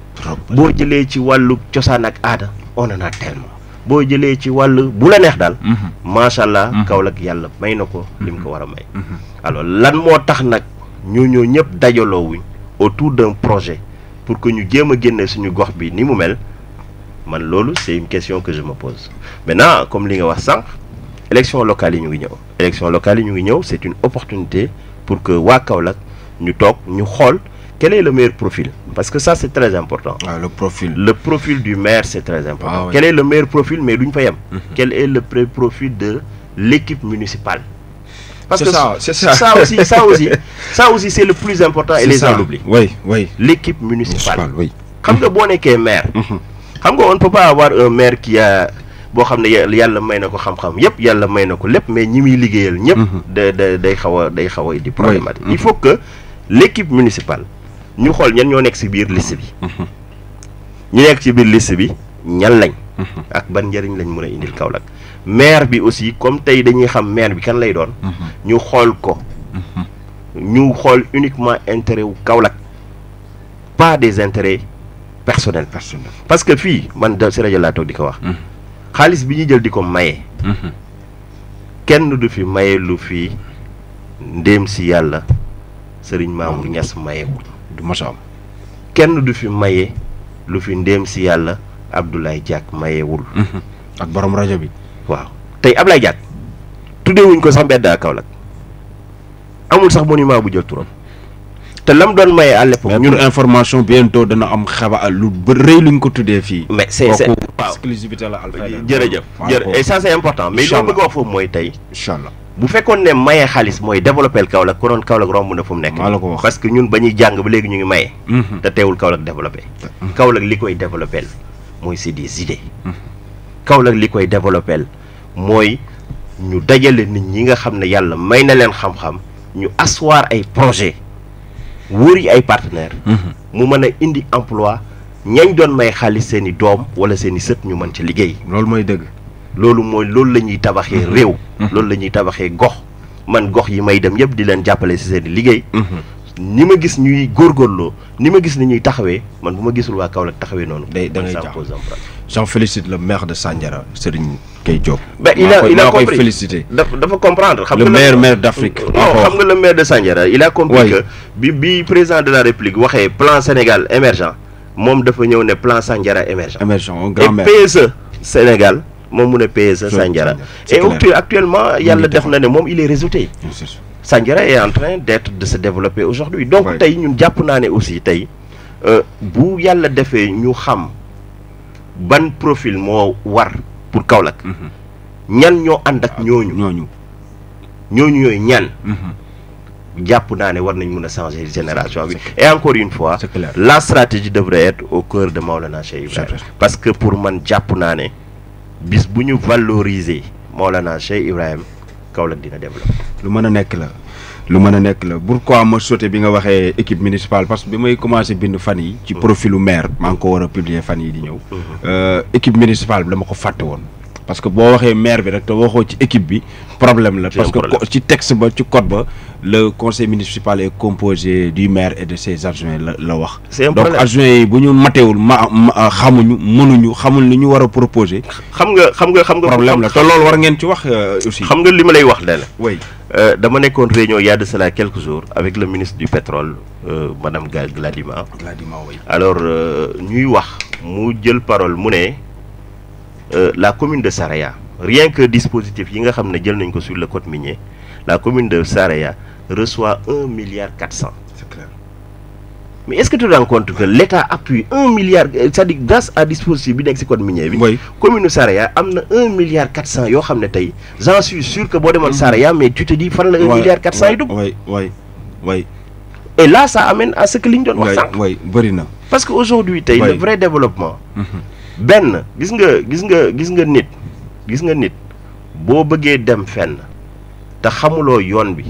boo jëlee ci wàllu cosaan ak aada on en a tellement boo jëlee ci wàllu bu la neex daal mhm. macha allah mhm. Kaolack yàlla may na ko mhm. ko war may alors lan moo tax nag ñu ñoo ñëpp dajaloo autour d'un projet pour que ñu jéem a génne suñu gox bi ni mu mel man loolu c'est une question que je me pose maintenant comme li nga wax sànq élection locale yi ñu ngi ñëw élection locale yi ñu ngi c'est une opportunité pour que waa Kaolack ñu toog ñu xool quel est le meilleur profil Parce que ça, c'est très important. Ah, le profil. Le profil du maire, c'est très important. Ah quel est le meilleur profil Mais d'une pas Mm Quel est le profil de l'équipe municipale parce que ça, c'est ça. ça aussi, ça aussi, ça aussi c'est le plus important et les gens l'oublient. Oui, oui. L'équipe municipale. oui. le mm -hmm. est maire, mm on ne peut pas avoir un maire qui a le maire qui xam-xam mais ñëpp mhm. de day a day xaw a il mhm. faut que l'équipe municipale ñu xol ñan ñoo nekk si biir liste bi. ñu nekk ci biir liste bi ñan lañ. ak ban njëriñ lañ mën maire bi aussi comme tey dañuy xam maire bi kan lay doon. ñu xool ko. ñu xool uniquement intérêt wu pas des intérêts personnels. personnels parce que fii man da si rajo laa toog di wax. xaalis bi jël di ko maye. du fi maye lu fi ndéem du am kenn du fi maye lu fi ndéem si yàlla Abdoulaye Diack mayewul. Mm-hmm. ak borom rajo bi. waaw tey Ablaye Diack tuddewuñ ko sax mbedd ak Kaolack amul sax monument bu jël turam te lam doon maye à l'époque ñun information bientôt dana am xaba lu rëy luñ ko tuddee fii. mais c'est c'est exclusivité la Alfayda jërëjëf. jërëjëf et ça c'est important mais li bëgg wax foofu mooy tey. incha allah bu fekkoon ne maye xaalis mooy développé Kaolack konoon Kaolack romb na fu mu nekk. maa la ko wax parce que ñun ba ñuy jàng ba léegi ñu ngi maye. Mhm. te teewul Kaolack développé. Mhm. Kaolack li koy développé mooy c'est des idées. Mhm. Kaolack li koy développé mooy ñu dajale nit ñi nga xam ne yàlla may na leen xam-xam ñu asseoir ay projet wóori ay partenaires. mu mën a indi emploi ñañ doon may xaalis seen i doom wala seen i sët ñu mën ci liggéey. loolu mooy dëgg. loolu mooy loolu la ñuy tabaxee mhm. réew. Mhm. loolu la ñuy tabaxee gox. man gox yi may dem yëpp di leen jàppale si seen liggéey. Mhm. ni ma gis ñuy góorgóorloo ni ma gis ni ñuy taxawee man bu ma gisul waa Kaolack taxawee noonu. day da ngay jaaxal j'en félicite le maire de Sandiara Serigne Gueye Diop. ba ben, il a il a compris dafa comprendre. le maire maire d'Afrique. non xam nga le maire de Sandiara il a compris que bi bi président de la République waxee plan Sénégal émergent moom dafa ñëw ne plan Sandiara émergent. émergent grand maire et PSE Sénégal moom mu ne et actuellement yalla def na ne mom il est réseauté Sandiara est en train d'être de se développer aujourd'hui donc tay ñun japp naa ne aussi euh bu yalla défé ñu xam ban profil mo war pour Kaolack mhm. ñan ño ànd ak ah, ñoñu ñoñu ñooñu ñooy ñan mhm. japp war nañ mëna a changer génération bi et encore une fois la stratégie devrait être au cœur de Maulana Cheikh parce que pour man japp bis valoriser molana Cheikh Ibrahim dina est lu meuna nek la lu pourquoi ma sauté bi nga équipe municipale parce que bi commencé bind fan ci mm-hmm. profilu maire man ko mm-hmm. euh, équipe municipale dama ko parce que boo waxee maire bi rek te waxo ci équipe bi problème la parce que ci texte ba ci code ba le conseil municipal est composé du maire et de ses adjoints la la wax donc adjoint yi bu ñu matewul ma euh, xamuñu mënuñu xamul li ñu proposer xam nga xam nga xam nga problème la te lool war ngeen ci wax euh, aussi xam nga limay ma lay wax la oui euh, dama nekkoon réunion il y a de cela quelques jours avec le ministre du pétrole madame Gladima Gladima oui alors ñuy wax mu jël parole mu né euh, la commune de Saraya rien que dispositif sur le code minier la commune de Saraya reçoit 1,4 milliard c'est clair mais est-ce que tu te rends compte que l'État appuie 1 milliard euh, c'est-à-dire grâce à dispositif bi nekk code minier commune de Saraya a 1,4 milliard j'en suis sûr que boo demoon Saraya mais tu te dis qu'il faut 1,4 milliard oui oui et là ça amène à ce que li Oui, oui parce que aujourd'hui le vrai développement. Mhm. benn gis nga gis nga gis nga nit gis nga nit boo bëggee dem fenn te xamuloo yoon bi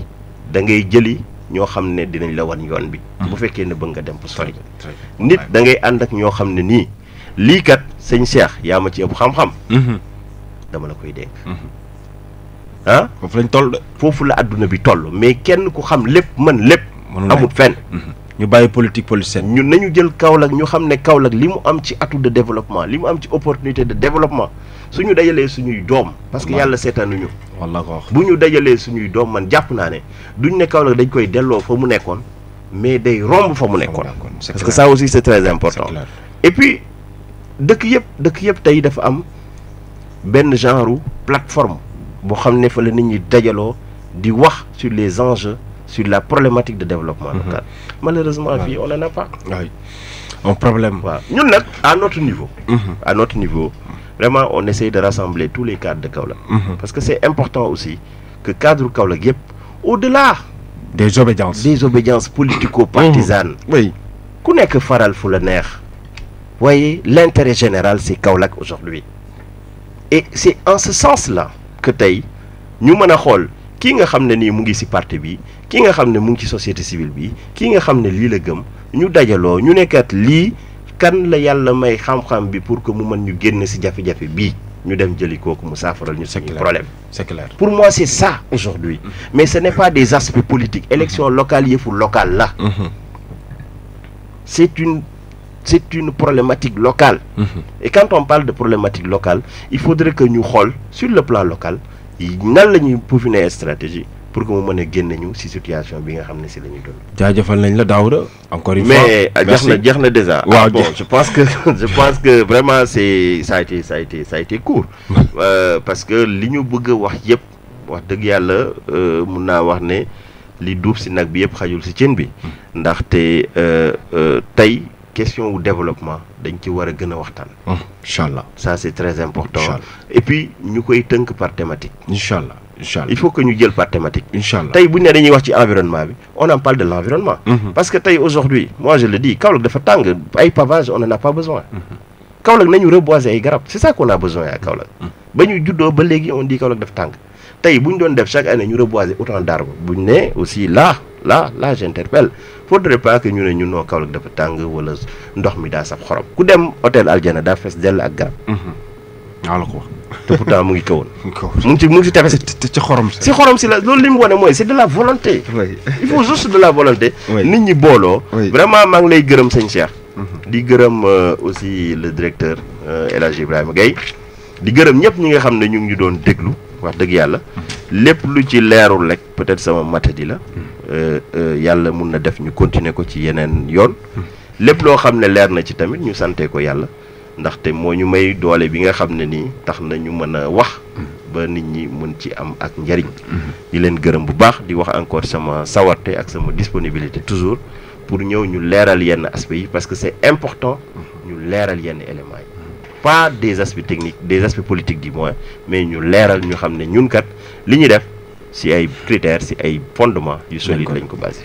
dangay jëli ñoo xam ne dinañ la wan yoon bi. Mm-hmm. bu fekkee ne bëgg nga dem fu sori. nit da ngay ànd ak ñoo xam ne nii liikat kat sëñ Cheikh yaa ma ci ëpp xam-xam. Mm-hmm. dama la koy dénk. Mm-hmm. ah foofu lañ toll de. foofu la àdduna bi toll mais kenn ku xam lépp mën lépp. amut fenn. ñu politique politicienne ñun nañu jël Nous sommes ne Nous am atout de développement nous opportunité de développement suñu suñuy doom. parce que nous avons un ko nous ñu dajalee suñuy doom man jàpp nous duñ ne dañ koy fa mu mais des romb fa mu Nous parce que ça aussi c'est très important. et puis deuk yëpp Nous tay dafa am genre plateforme bo Nous fa la nit ñi di sur les enjeux sur la problématique de développement mhm. local. Malheureusement, on n'en a pas. Un problème. Nous, à notre niveau, mhm. à notre niveau, vraiment, on essaie de rassembler tous les cadres de Kaola. Mhm. Parce que c'est important aussi que cadre Kaola au-delà des obédiences, des obédiences politico-partisanes, oui. qu'on n'est que Faral Foulaner. Vous voyez, l'intérêt général, c'est Kaolak aujourd'hui. Et c'est en ce sens-là que Taï, nous, Manahol, ki nga xamné ni mu ngi ci parti bi ki nga xamné mu ngi ci société civile bi ki nga xamné li la gëm ñu dajalo ñu nekkat li kan la yalla may xam-xam bi pour que mu mën ñu génn ci jafé jafé bi ñu dem jëli koku mu saafaral ñu suñu problème c'est clair pour moi c'est ça mm-hmm. aujourd'hui mais ce n'est pas des aspects politiques mm-hmm. élection locale yefu locale la mm-hmm. c'est une c'est une problématique locale et quand on parle de problématique locale il faudrait que ñu xol sur le plan local nan lañuy ñuy stratégie pour que mu mën a génne ñu si situation bi nga xam ne si la ñuy dund. jaajëfal nañ la Daouda encore une fois. mais euh, jeex na jeex na déjà. waaw ah, bon je pense que je pense que vraiment c'est ça a été ça a été ça a été court. euh, parce que li ñu bëgg a wax yëpp wax dëgg yàlla euh, mun naa wax ne li duub si nag bi yëpp xajul si cin bi hmm. ndaxte euh, tey question wu développement dañ ci war a gën a ça c'est très important. et puis ñu koy tënk par thématique. inshallah inshallah il faut que ñu jël par thématique. inshallah tay tey bu dañuy wax ci environnement bi on en parle de l'environnement. Mm-hmm. parce que tay aujourd'hui moi je le dis Kaolack dafa tàng ay pavage on en a pas besoin. Mm-hmm. Kaolack nañu reboiser ay garab c'est ça qu'on a besoin à Kaolack. Mm-hmm. ba ñu juddoo ba léegi on dit Kaolack dafa tàng tay bu ñu doon def chaque année ñu reboiser autant d'arbres bu ñu aussi là là là j'interpelle faudrait pas que ñu ne ñu noo Kaolack dafa tàng wala ndox mi daa saf xorom ku dem hôtel Aljana daa fes dell ak garab. Mhm. naa la ko wax. te pourtant mu ngi kawoon. mu ngi ci mu ngi ci tefes. ci xorom si. xorom si la loolu li mu wane mooy c'est de la volonté. il faut juste nit ñi booloo. vraiment maa ngi lay gërëm sëñ Cheikh. Mhm. di gërëm euh, aussi le directeur euh, El Hadj Ibrahima Guèye di gërëm ñëpp ñi nga xam ne ñu ngi doon déglu wax dëgg yàlla mhm. lépp lu ci leerul rek peut-être sama matadi la. Euh, euh, yàlla mun na def ñu continuer ko ci yeneen yoon lépp loo xam ne leer na ci tamit ñu sante ko yàlla ndaxte moo ñu may doole bi nga xam ne nii tax na ñu mën a wax ba nit ñi mën ci am ak njariñ di leen gërëm bu baax di wax encore sama sawarte ak sama disponibilité toujours pour ñëw ñu leeral yenn aspects yi parce que c'est important ñu leeral yenn éléments pas des aspects techniques des aspects politiques du moins mais ñu leeral ñu xam ne ñun kat li ñu def si ay critères si ay fondement yu solide lañ ko basé.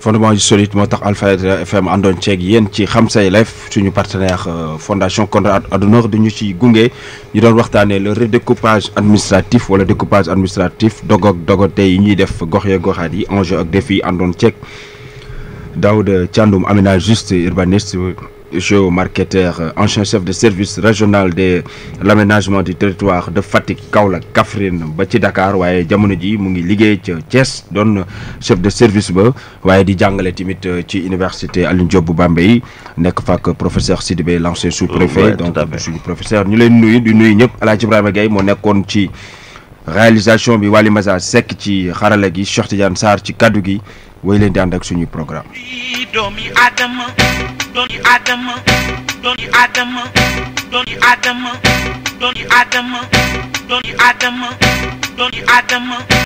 fondement yu moo tax Alfayda FM àndoon ceeg yéen ci xam sa yelleef suñu partenaire euh, fondation Konrad Adenauer dañu ci gunge ñu doon waxtaanee le redécoupage administratif wala découpage administratif dogoog dogote yi ñuy def gox ya goxaat yi enjeu ak défi àndoon ceeg Daouda Thiandoum aménagiste urbaniste. géomarketeur, ancien chef de service régional de l'aménagement du territoire de Fatick Kaolack Kafrin, ba ci Dakar waye jamono ji donne Thiès donne chef de service ba waye di jangale timit euh, ci université Alioune Diop Bambey nek fak professeur Sidibé l'ancien sous-préfet donc suñu professeur ñu leen nuyu di nuyu ñep El Ibrahima Gueye mo nekkoon ci réalisation bi Wali Maza sek ci xarala gi Cheikh Tidiane Sar ci kaddu gi way leen di ak programme doomi Adama doomi Adama doomi Adama doomi Adama doomi Adama doomi Adama